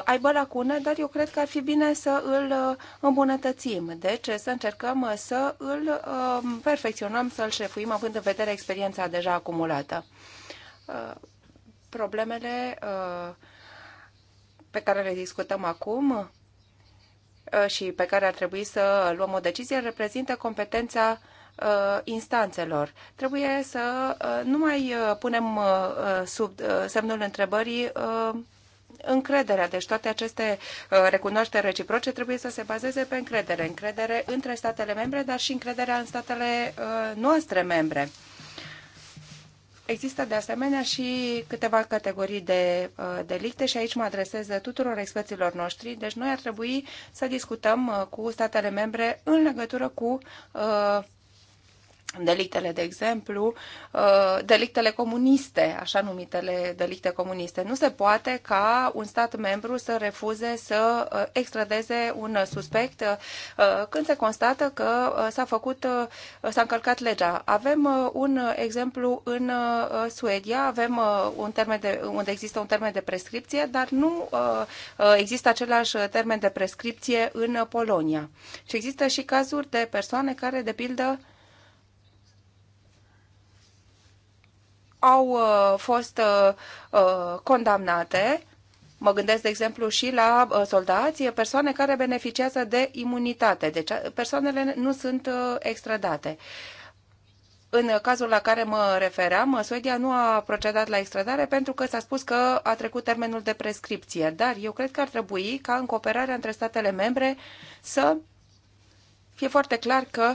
aibă lacune, dar eu cred că ar fi bine să îl îmbunătățim. Deci să încercăm să îl perfecționăm, să îl șefuim, având în vedere experiența deja acumulată. Problemele uh, pe care le discutăm acum uh, și pe care ar trebui să luăm o decizie reprezintă competența uh, instanțelor. Trebuie să uh, nu mai punem sub semnul întrebării încrederea. Deci toate aceste recunoașteri reciproce trebuie să se bazeze pe încredere. Încredere între statele membre, dar și încrederea în statele noastre membre. Există de asemenea și câteva categorii de uh, delicte și aici mă adresez tuturor experților noștri. Deci noi ar trebui să discutăm uh, cu statele membre în legătură cu uh, delictele, de exemplu, uh, delictele comuniste, așa numitele delicte comuniste. Nu se poate ca un stat membru să refuze să uh, extradeze un suspect uh, când se constată că s-a făcut, s-a încălcat legea. Avem un exemplu în Suedia, avem un termen de, unde există un termen de prescripție, dar nu există același termen de prescripție în Polonia. Și există și cazuri de persoane care, de pildă, au uh, fost uh, uh, condamnate. Mă gândesc, de exemplu, și la soldați, persoane care beneficiază de imunitate. Deci persoanele nu sunt extradate. În cazul la care mă refeream, Suedia nu a procedat la extradare pentru că s-a spus că a trecut termenul de prescripție, dar eu cred că ar trebui ca în cooperarea între statele membre să fie foarte clar că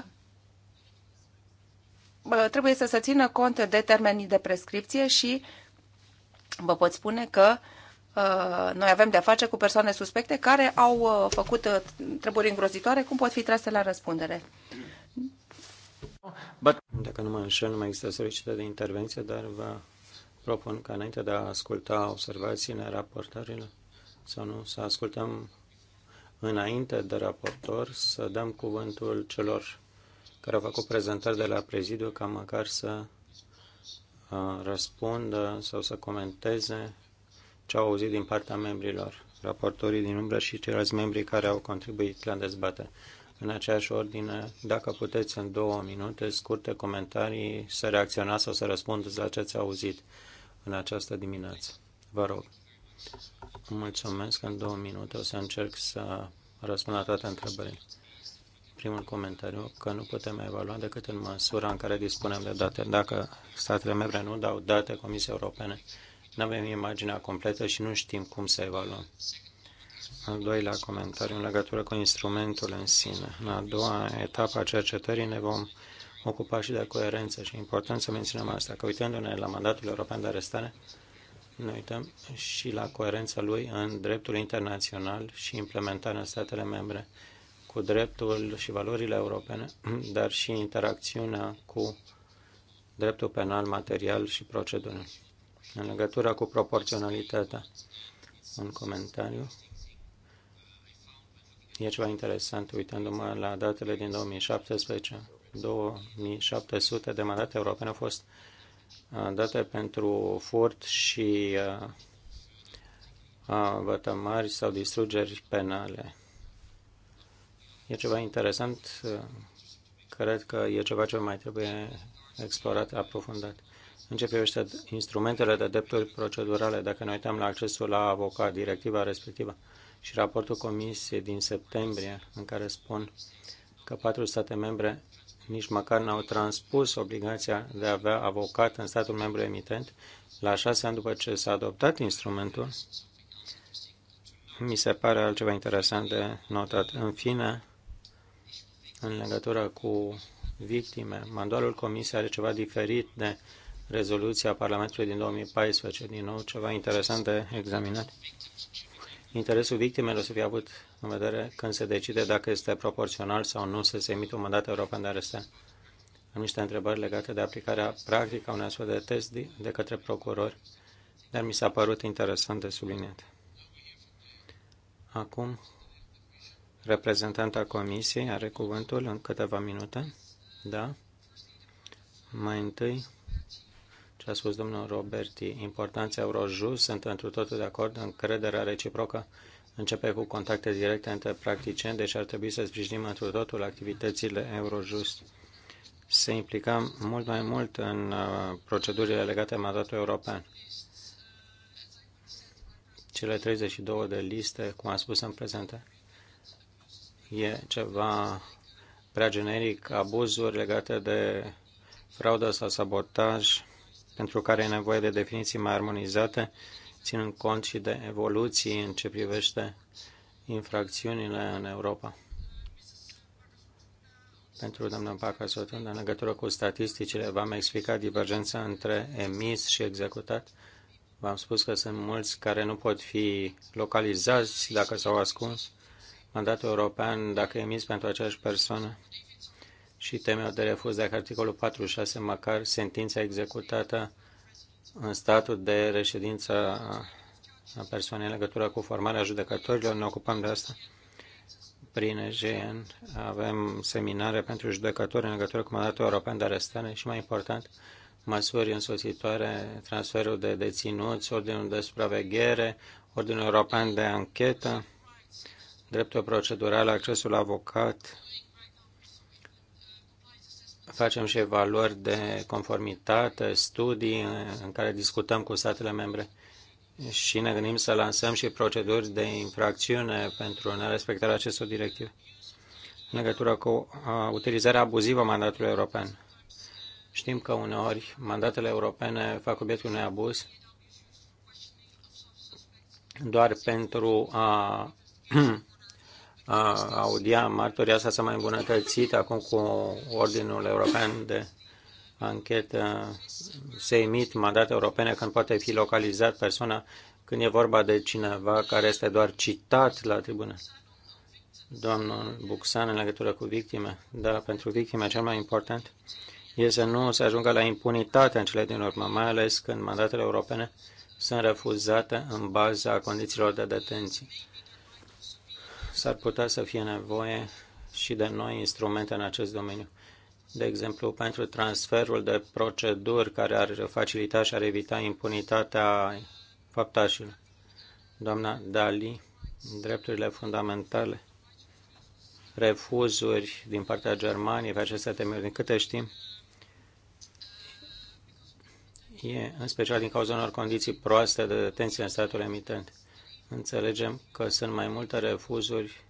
trebuie să se țină cont de termenii de prescripție și vă pot spune că ă, noi avem de-a face cu persoane suspecte care au ă, făcut ă, treburi îngrozitoare, cum pot fi trase la răspundere. Dacă nu mă înșel, nu mai există solicitări de intervenție, dar vă propun ca înainte de a asculta observațiile raportărilor sau nu, să ascultăm înainte de raportor, să dăm cuvântul celor care au făcut prezentări de la prezidiu ca măcar să uh, răspundă sau să comenteze ce au auzit din partea membrilor, raportorii din umbră și ceilalți membri care au contribuit la dezbatere. În aceeași ordine, dacă puteți în două minute scurte comentarii să reacționați sau să răspundeți la ce ați auzit în această dimineață. Vă rog. Mulțumesc. În două minute o să încerc să răspund la toate întrebările primul comentariu, că nu putem evalua decât în măsura în care dispunem de date. Dacă statele membre nu dau date Comisiei Europene, nu avem imaginea completă și nu știm cum să evaluăm. Al doilea comentariu, în legătură cu instrumentul în sine. În a doua etapă a cercetării ne vom ocupa și de coerență și important să menținem asta, că uitându-ne la mandatul european de arestare, ne uităm și la coerența lui în dreptul internațional și implementarea statele membre cu dreptul și valorile europene, dar și interacțiunea cu dreptul penal, material și procedural. În legătură cu proporționalitatea, un comentariu. E ceva interesant uitându-mă la datele din 2017. 2700 de mandate europene au fost uh, date pentru furt și uh, uh, vătămari sau distrugeri penale. E ceva interesant, uh, cred că e ceva ce mai trebuie explorat, aprofundat. În ce privește instrumentele de drepturi procedurale, dacă ne uităm la accesul la avocat, directiva respectivă și raportul Comisiei din septembrie, în care spun că patru state membre nici măcar n-au transpus obligația de a avea avocat în statul membru emitent, la șase ani după ce s-a adoptat instrumentul, mi se pare altceva interesant de notat. În fine, în legătură cu victime. Mandalul Comisiei are ceva diferit de rezoluția Parlamentului din 2014, din nou ceva interesant de examinat. Interesul victimelor să fie avut în vedere când se decide dacă este proporțional sau nu să se emită un mandat european de arestare. Am niște întrebări legate de aplicarea practică a unui astfel de test de către procurori, dar mi s-a părut interesant de subliniat. Acum Reprezentanta Comisiei are cuvântul în câteva minute. Da? Mai întâi, ce a spus domnul Roberti, importanța Eurojust, sunt întru totul de acord, încrederea reciprocă începe cu contacte directe între practicieni, deci ar trebui să sprijinim întru totul activitățile Eurojust. Se implicăm mult mai mult în uh, procedurile legate de mandatul european. Cele 32 de liste, cum am spus în prezentare, e ceva prea generic, abuzuri legate de fraudă sau sabotaj, pentru care e nevoie de definiții mai armonizate, ținând cont și de evoluții în ce privește infracțiunile în Europa. Pentru domnul Paca Sotunda, în legătură cu statisticile, v-am explicat divergența între emis și executat. V-am spus că sunt mulți care nu pot fi localizați dacă s-au ascuns mandatul european dacă emis pentru aceeași persoană și temeu de refuz dacă articolul 46 măcar sentința executată în statul de reședință a persoanei în legătură cu formarea judecătorilor. Ne ocupăm de asta prin EGN. Avem seminare pentru judecători în legătură cu mandatul european de arestare și, mai important, măsuri însoțitoare, transferul de deținuți, ordinul de supraveghere, ordinul european de anchetă, dreptul procedural, accesul la avocat, facem și evaluări de conformitate, studii în care discutăm cu statele membre și ne gândim să lansăm și proceduri de infracțiune pentru nerespectarea acestor directive în legătură cu utilizarea abuzivă a mandatului european. Știm că uneori mandatele europene fac obiectul unui abuz doar pentru a a audia martoria asta s-a mai îmbunătățit acum cu Ordinul European de Anchetă. Se emit mandate europene când poate fi localizat persoana când e vorba de cineva care este doar citat la tribună. Domnul Buxan, în legătură cu victime, da, pentru victime cel mai important e să nu se ajungă la impunitate în cele din urmă, mai ales când mandatele europene sunt refuzate în baza condițiilor de detenție s-ar putea să fie nevoie și de noi instrumente în acest domeniu. De exemplu, pentru transferul de proceduri care ar facilita și ar evita impunitatea faptașilor. Doamna Dali, drepturile fundamentale, refuzuri din partea Germaniei pe aceste temeri, din câte știm, e în special din cauza unor condiții proaste de detenție în statul emitent. Înțelegem că sunt mai multe refuzuri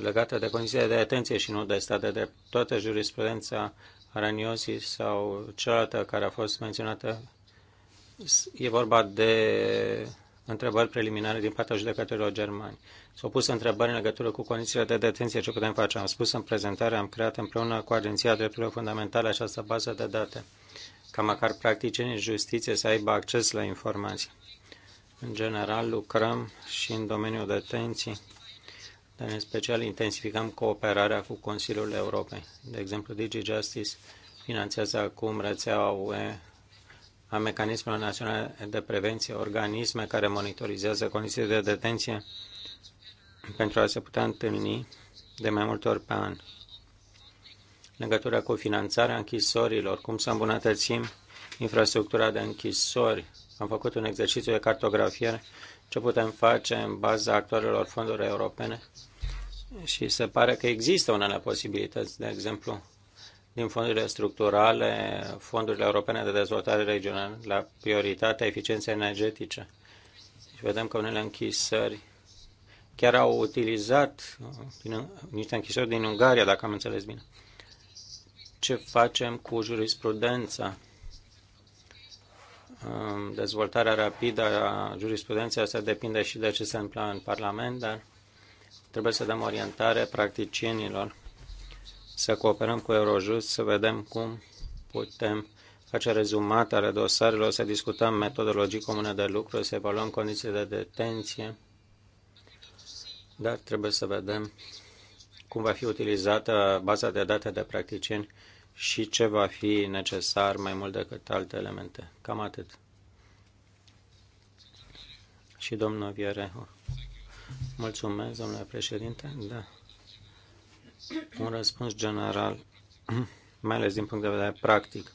legate de condiții de atenție și nu de stat de drept. Toată jurisprudența Araniosi sau cealaltă care a fost menționată e vorba de întrebări preliminare din partea judecătorilor germani. S-au pus întrebări în legătură cu condițiile de detenție, ce putem face. Am spus în prezentare, am creat împreună cu Agenția Drepturilor Fundamentale această bază de date ca măcar practicienii justiție să aibă acces la informații. În general, lucrăm și în domeniul detenției, dar în special intensificăm cooperarea cu Consiliul Europei. De exemplu, Digi Justice finanțează acum rețeaua UE a mecanismelor naționale de prevenție, organisme care monitorizează condițiile de detenție pentru a se putea întâlni de mai multe ori pe an legătura cu finanțarea închisorilor, cum să îmbunătățim infrastructura de închisori. Am făcut un exercițiu de cartografiere, ce putem face în baza actualelor fonduri europene și se pare că există unele posibilități, de exemplu, din fondurile structurale, fondurile europene de dezvoltare regională, la prioritatea eficienței energetice. Și vedem că unele închisări chiar au utilizat din, niște închisori din Ungaria, dacă am înțeles bine ce facem cu jurisprudența, um, dezvoltarea rapidă a jurisprudenței, asta depinde și de ce se întâmplă în Parlament, dar trebuie să dăm orientare practicienilor, să cooperăm cu Eurojust, să vedem cum putem face rezumat ale dosarelor, să discutăm metodologii comune de lucru, să evaluăm condițiile de detenție, dar trebuie să vedem cum va fi utilizată baza de date de practicieni și ce va fi necesar mai mult decât alte elemente. Cam atât. Și domnul Vierehu. Oh. Mulțumesc, domnule președinte. Da. Un răspuns general, mai ales din punct de vedere practic.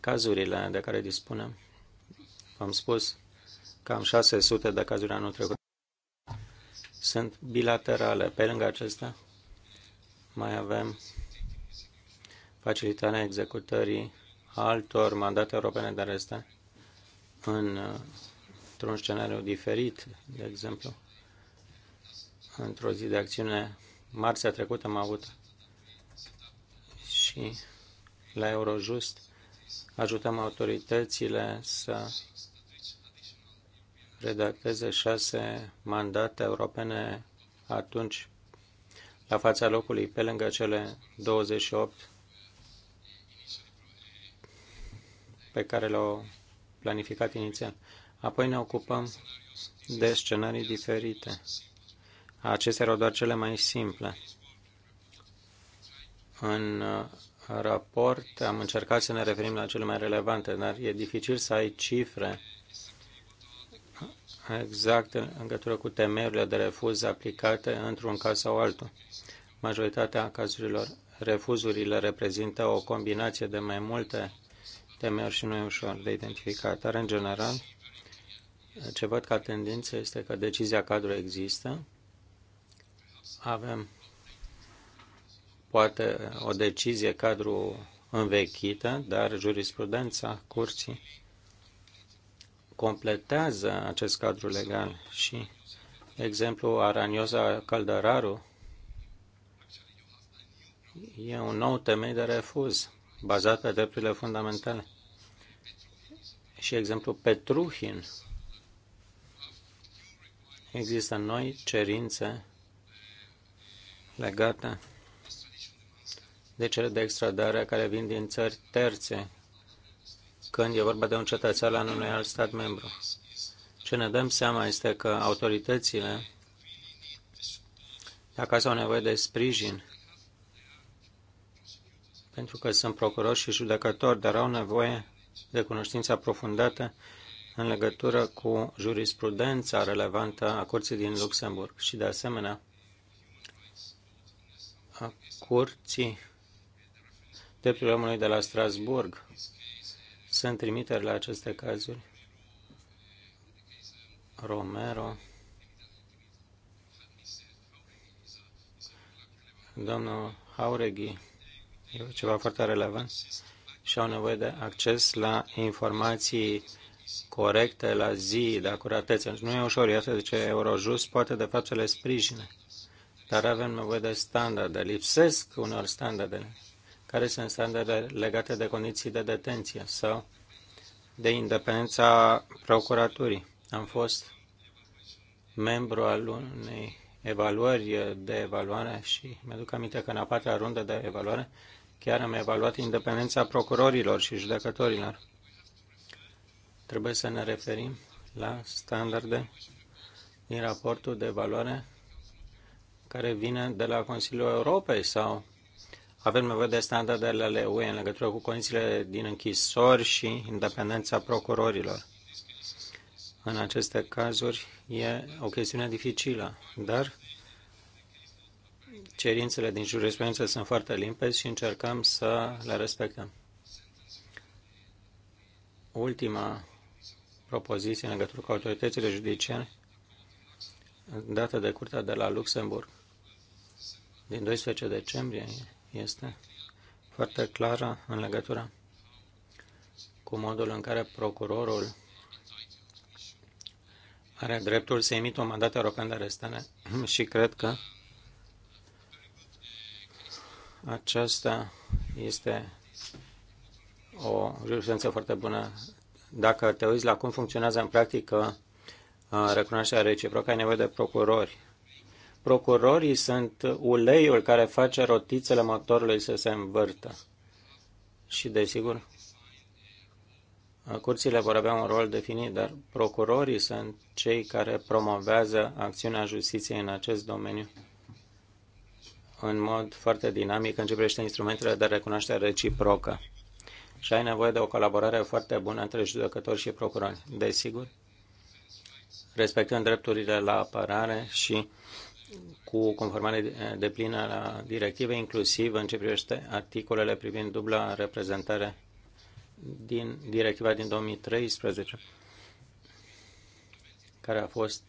Cazurile de care dispunem, am spus, cam 600 de cazuri anul trecut sunt bilaterale. Pe lângă acestea, mai avem facilitarea executării altor mandate europene de arestare în, într-un scenariu diferit, de exemplu. Într-o zi de acțiune, marțea trecută am avut și la Eurojust ajutăm autoritățile să redacteze șase mandate europene atunci la fața locului, pe lângă cele 28 pe care le-au planificat inițial. Apoi ne ocupăm de scenarii diferite. Acestea erau doar cele mai simple. În uh, raport am încercat să ne referim la cele mai relevante, dar e dificil să ai cifre exact în legătură cu temerile de refuz aplicate într-un caz sau altul. Majoritatea cazurilor refuzurile reprezintă o combinație de mai multe temeiuri și nu e ușor de identificat. Dar, în general, ce văd ca tendință este că decizia cadru există. Avem poate o decizie cadru învechită, dar jurisprudența curții completează acest cadru legal și exemplu Aranioza Caldararu e un nou temei de refuz bazat pe drepturile fundamentale. Și exemplu Petruhin. Există noi cerințe legate de cele de extradare care vin din țări terțe când e vorba de un cetățean al unui alt stat membru. Ce ne dăm seama este că autoritățile, dacă au nevoie de sprijin, pentru că sunt procurori și judecători, dar au nevoie de cunoștințe aprofundată în legătură cu jurisprudența relevantă a Curții din Luxemburg și, de asemenea, a Curții de Omului de la Strasburg. Sunt trimiteri la aceste cazuri. Romero, domnul Haureghi, E ceva foarte relevant și au nevoie de acces la informații corecte, la zi, de acuratețe. Nu e ușor, iată de ce Eurojust poate de fapt să le sprijine. Dar avem nevoie de standarde. Lipsesc unor standarde. Care sunt standarde legate de condiții de detenție sau de independența procuraturii. Am fost membru al unei evaluări de evaluare și mi-aduc aminte că în a patra rundă de evaluare Chiar am evaluat independența procurorilor și judecătorilor. Trebuie să ne referim la standarde din raportul de evaluare care vine de la Consiliul Europei sau avem nevoie de standardele ale UE în legătură cu condițiile din închisori și independența procurorilor. În aceste cazuri e o chestiune dificilă, dar Cerințele din jurisprudență sunt foarte limpezi și încercăm să le respectăm. Ultima propoziție în legătură cu autoritățile judiciare dată de Curtea de la Luxemburg din 12 decembrie este foarte clară în legătură cu modul în care procurorul are dreptul să emită un mandat european de arestare și cred că aceasta este o jurisprudență foarte bună. Dacă te uiți la cum funcționează în practică uh, recunoașterea reciprocă, ai nevoie de procurori. Procurorii sunt uleiul care face rotițele motorului să se învârtă. Și, desigur, curțile vor avea un rol definit, dar procurorii sunt cei care promovează acțiunea justiției în acest domeniu în mod foarte dinamic în ce privește instrumentele de recunoaștere reciprocă și ai nevoie de o colaborare foarte bună între judecători și procurori. Desigur, respectând drepturile la apărare și cu conformare de plină la directive, inclusiv în ce privește articolele privind dubla reprezentare din directiva din 2013, care a fost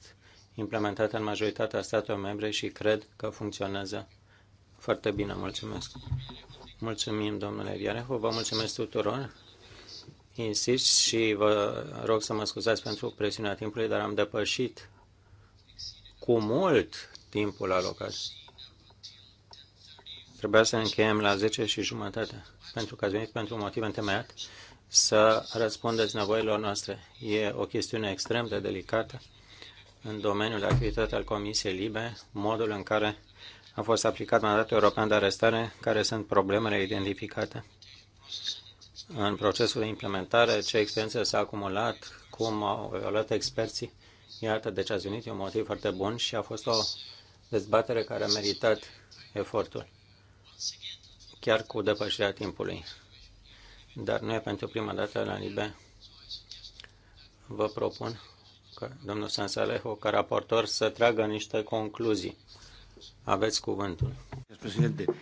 implementată în majoritatea statelor membre și cred că funcționează foarte bine, mulțumesc. Mulțumim, domnule Viarehu, vă mulțumesc tuturor. Insist și vă rog să mă scuzați pentru presiunea timpului, dar am depășit cu mult timpul alocat. Trebuia să încheiem la 10 și jumătate, pentru că ați venit pentru un motiv întemeiat să răspundeți nevoilor noastre. E o chestiune extrem de delicată în domeniul de activitate al Comisiei Libe, modul în care a fost aplicat mandatul european de arestare, care sunt problemele identificate în procesul de implementare, ce experiență s-a acumulat, cum au evaluat experții. Iată, deci ați venit, e un motiv foarte bun și a fost o dezbatere care a meritat efortul, chiar cu depășirea timpului. Dar nu e pentru prima dată la Libe. Vă propun că domnul Sansalejo, ca raportor, să tragă niște concluzii aveți cuvântul. Președinte,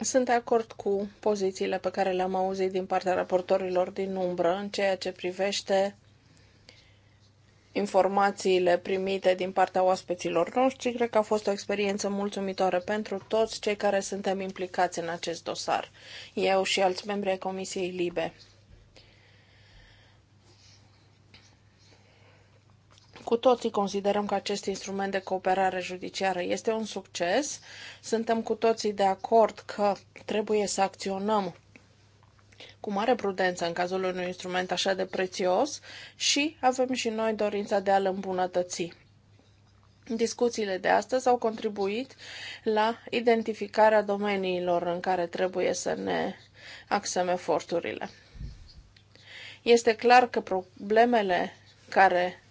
Sunt de acord cu pozițiile pe care le-am auzit din partea raportorilor din umbră în ceea ce privește informațiile primite din partea oaspeților noștri. Cred că a fost o experiență mulțumitoare pentru toți cei care suntem implicați în acest dosar, eu și alți membri ai Comisiei Libe. Cu toții considerăm că acest instrument de cooperare judiciară este un succes. Suntem cu toții de acord că trebuie să acționăm cu mare prudență în cazul unui instrument așa de prețios și avem și noi dorința de a-l îmbunătăți. Discuțiile de astăzi au contribuit la identificarea domeniilor în care trebuie să ne axăm eforturile. Este clar că problemele care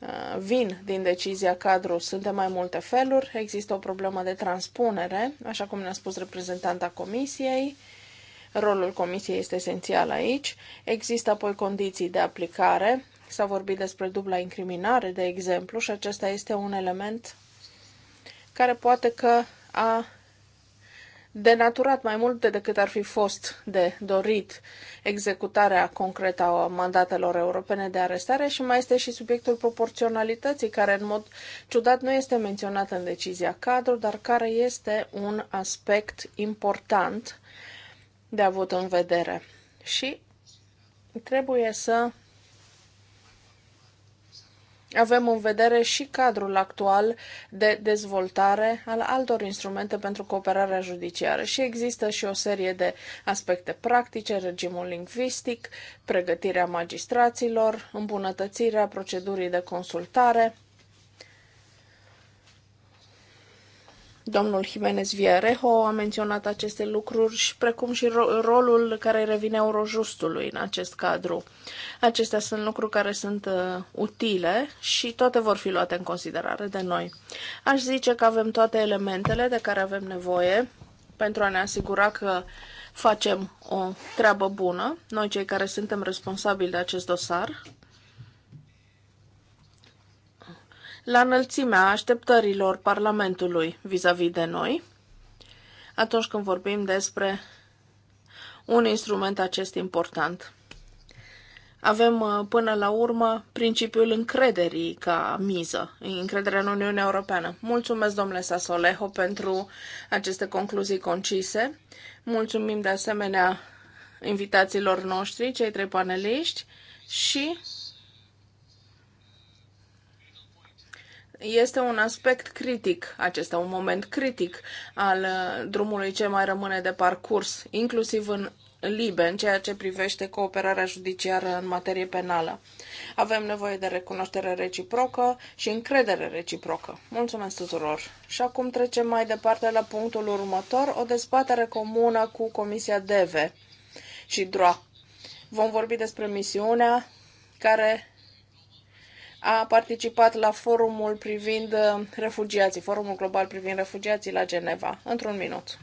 Uh, vin din decizia cadru sunt de mai multe feluri. Există o problemă de transpunere, așa cum ne-a spus reprezentanta comisiei. Rolul comisiei este esențial aici. Există apoi condiții de aplicare. S-a vorbit despre dubla incriminare, de exemplu, și acesta este un element care poate că a denaturat mai mult de decât ar fi fost de dorit executarea concretă a mandatelor europene de arestare și mai este și subiectul proporționalității, care în mod ciudat nu este menționat în decizia cadru, dar care este un aspect important de avut în vedere. Și trebuie să avem în vedere și cadrul actual de dezvoltare al altor instrumente pentru cooperarea judiciară și există și o serie de aspecte practice, regimul lingvistic, pregătirea magistraților, îmbunătățirea procedurii de consultare, Domnul Jimenez Viarejo a menționat aceste lucruri și precum și ro- rolul care revine Eurojustului în acest cadru. Acestea sunt lucruri care sunt uh, utile și toate vor fi luate în considerare de noi. Aș zice că avem toate elementele de care avem nevoie pentru a ne asigura că facem o treabă bună, noi cei care suntem responsabili de acest dosar, la înălțimea așteptărilor Parlamentului vis-a-vis -vis de noi, atunci când vorbim despre un instrument acest important. Avem uh, până la urmă principiul încrederii ca miză, încrederea în Uniunea Europeană. Mulțumesc, domnule Sasoleho, pentru aceste concluzii concise. Mulțumim de asemenea invitațiilor noștri, cei trei paneliști și Este un aspect critic, acesta un moment critic al uh, drumului ce mai rămâne de parcurs, inclusiv în libe în ceea ce privește cooperarea judiciară în materie penală. Avem nevoie de recunoaștere reciprocă și încredere reciprocă. Mulțumesc tuturor! Și acum trecem mai departe la punctul următor, o dezbatere comună cu Comisia DEVE și DROA. Vom vorbi despre misiunea care a participat la forumul privind uh, refugiații, forumul global privind refugiații la Geneva. Într-un minut.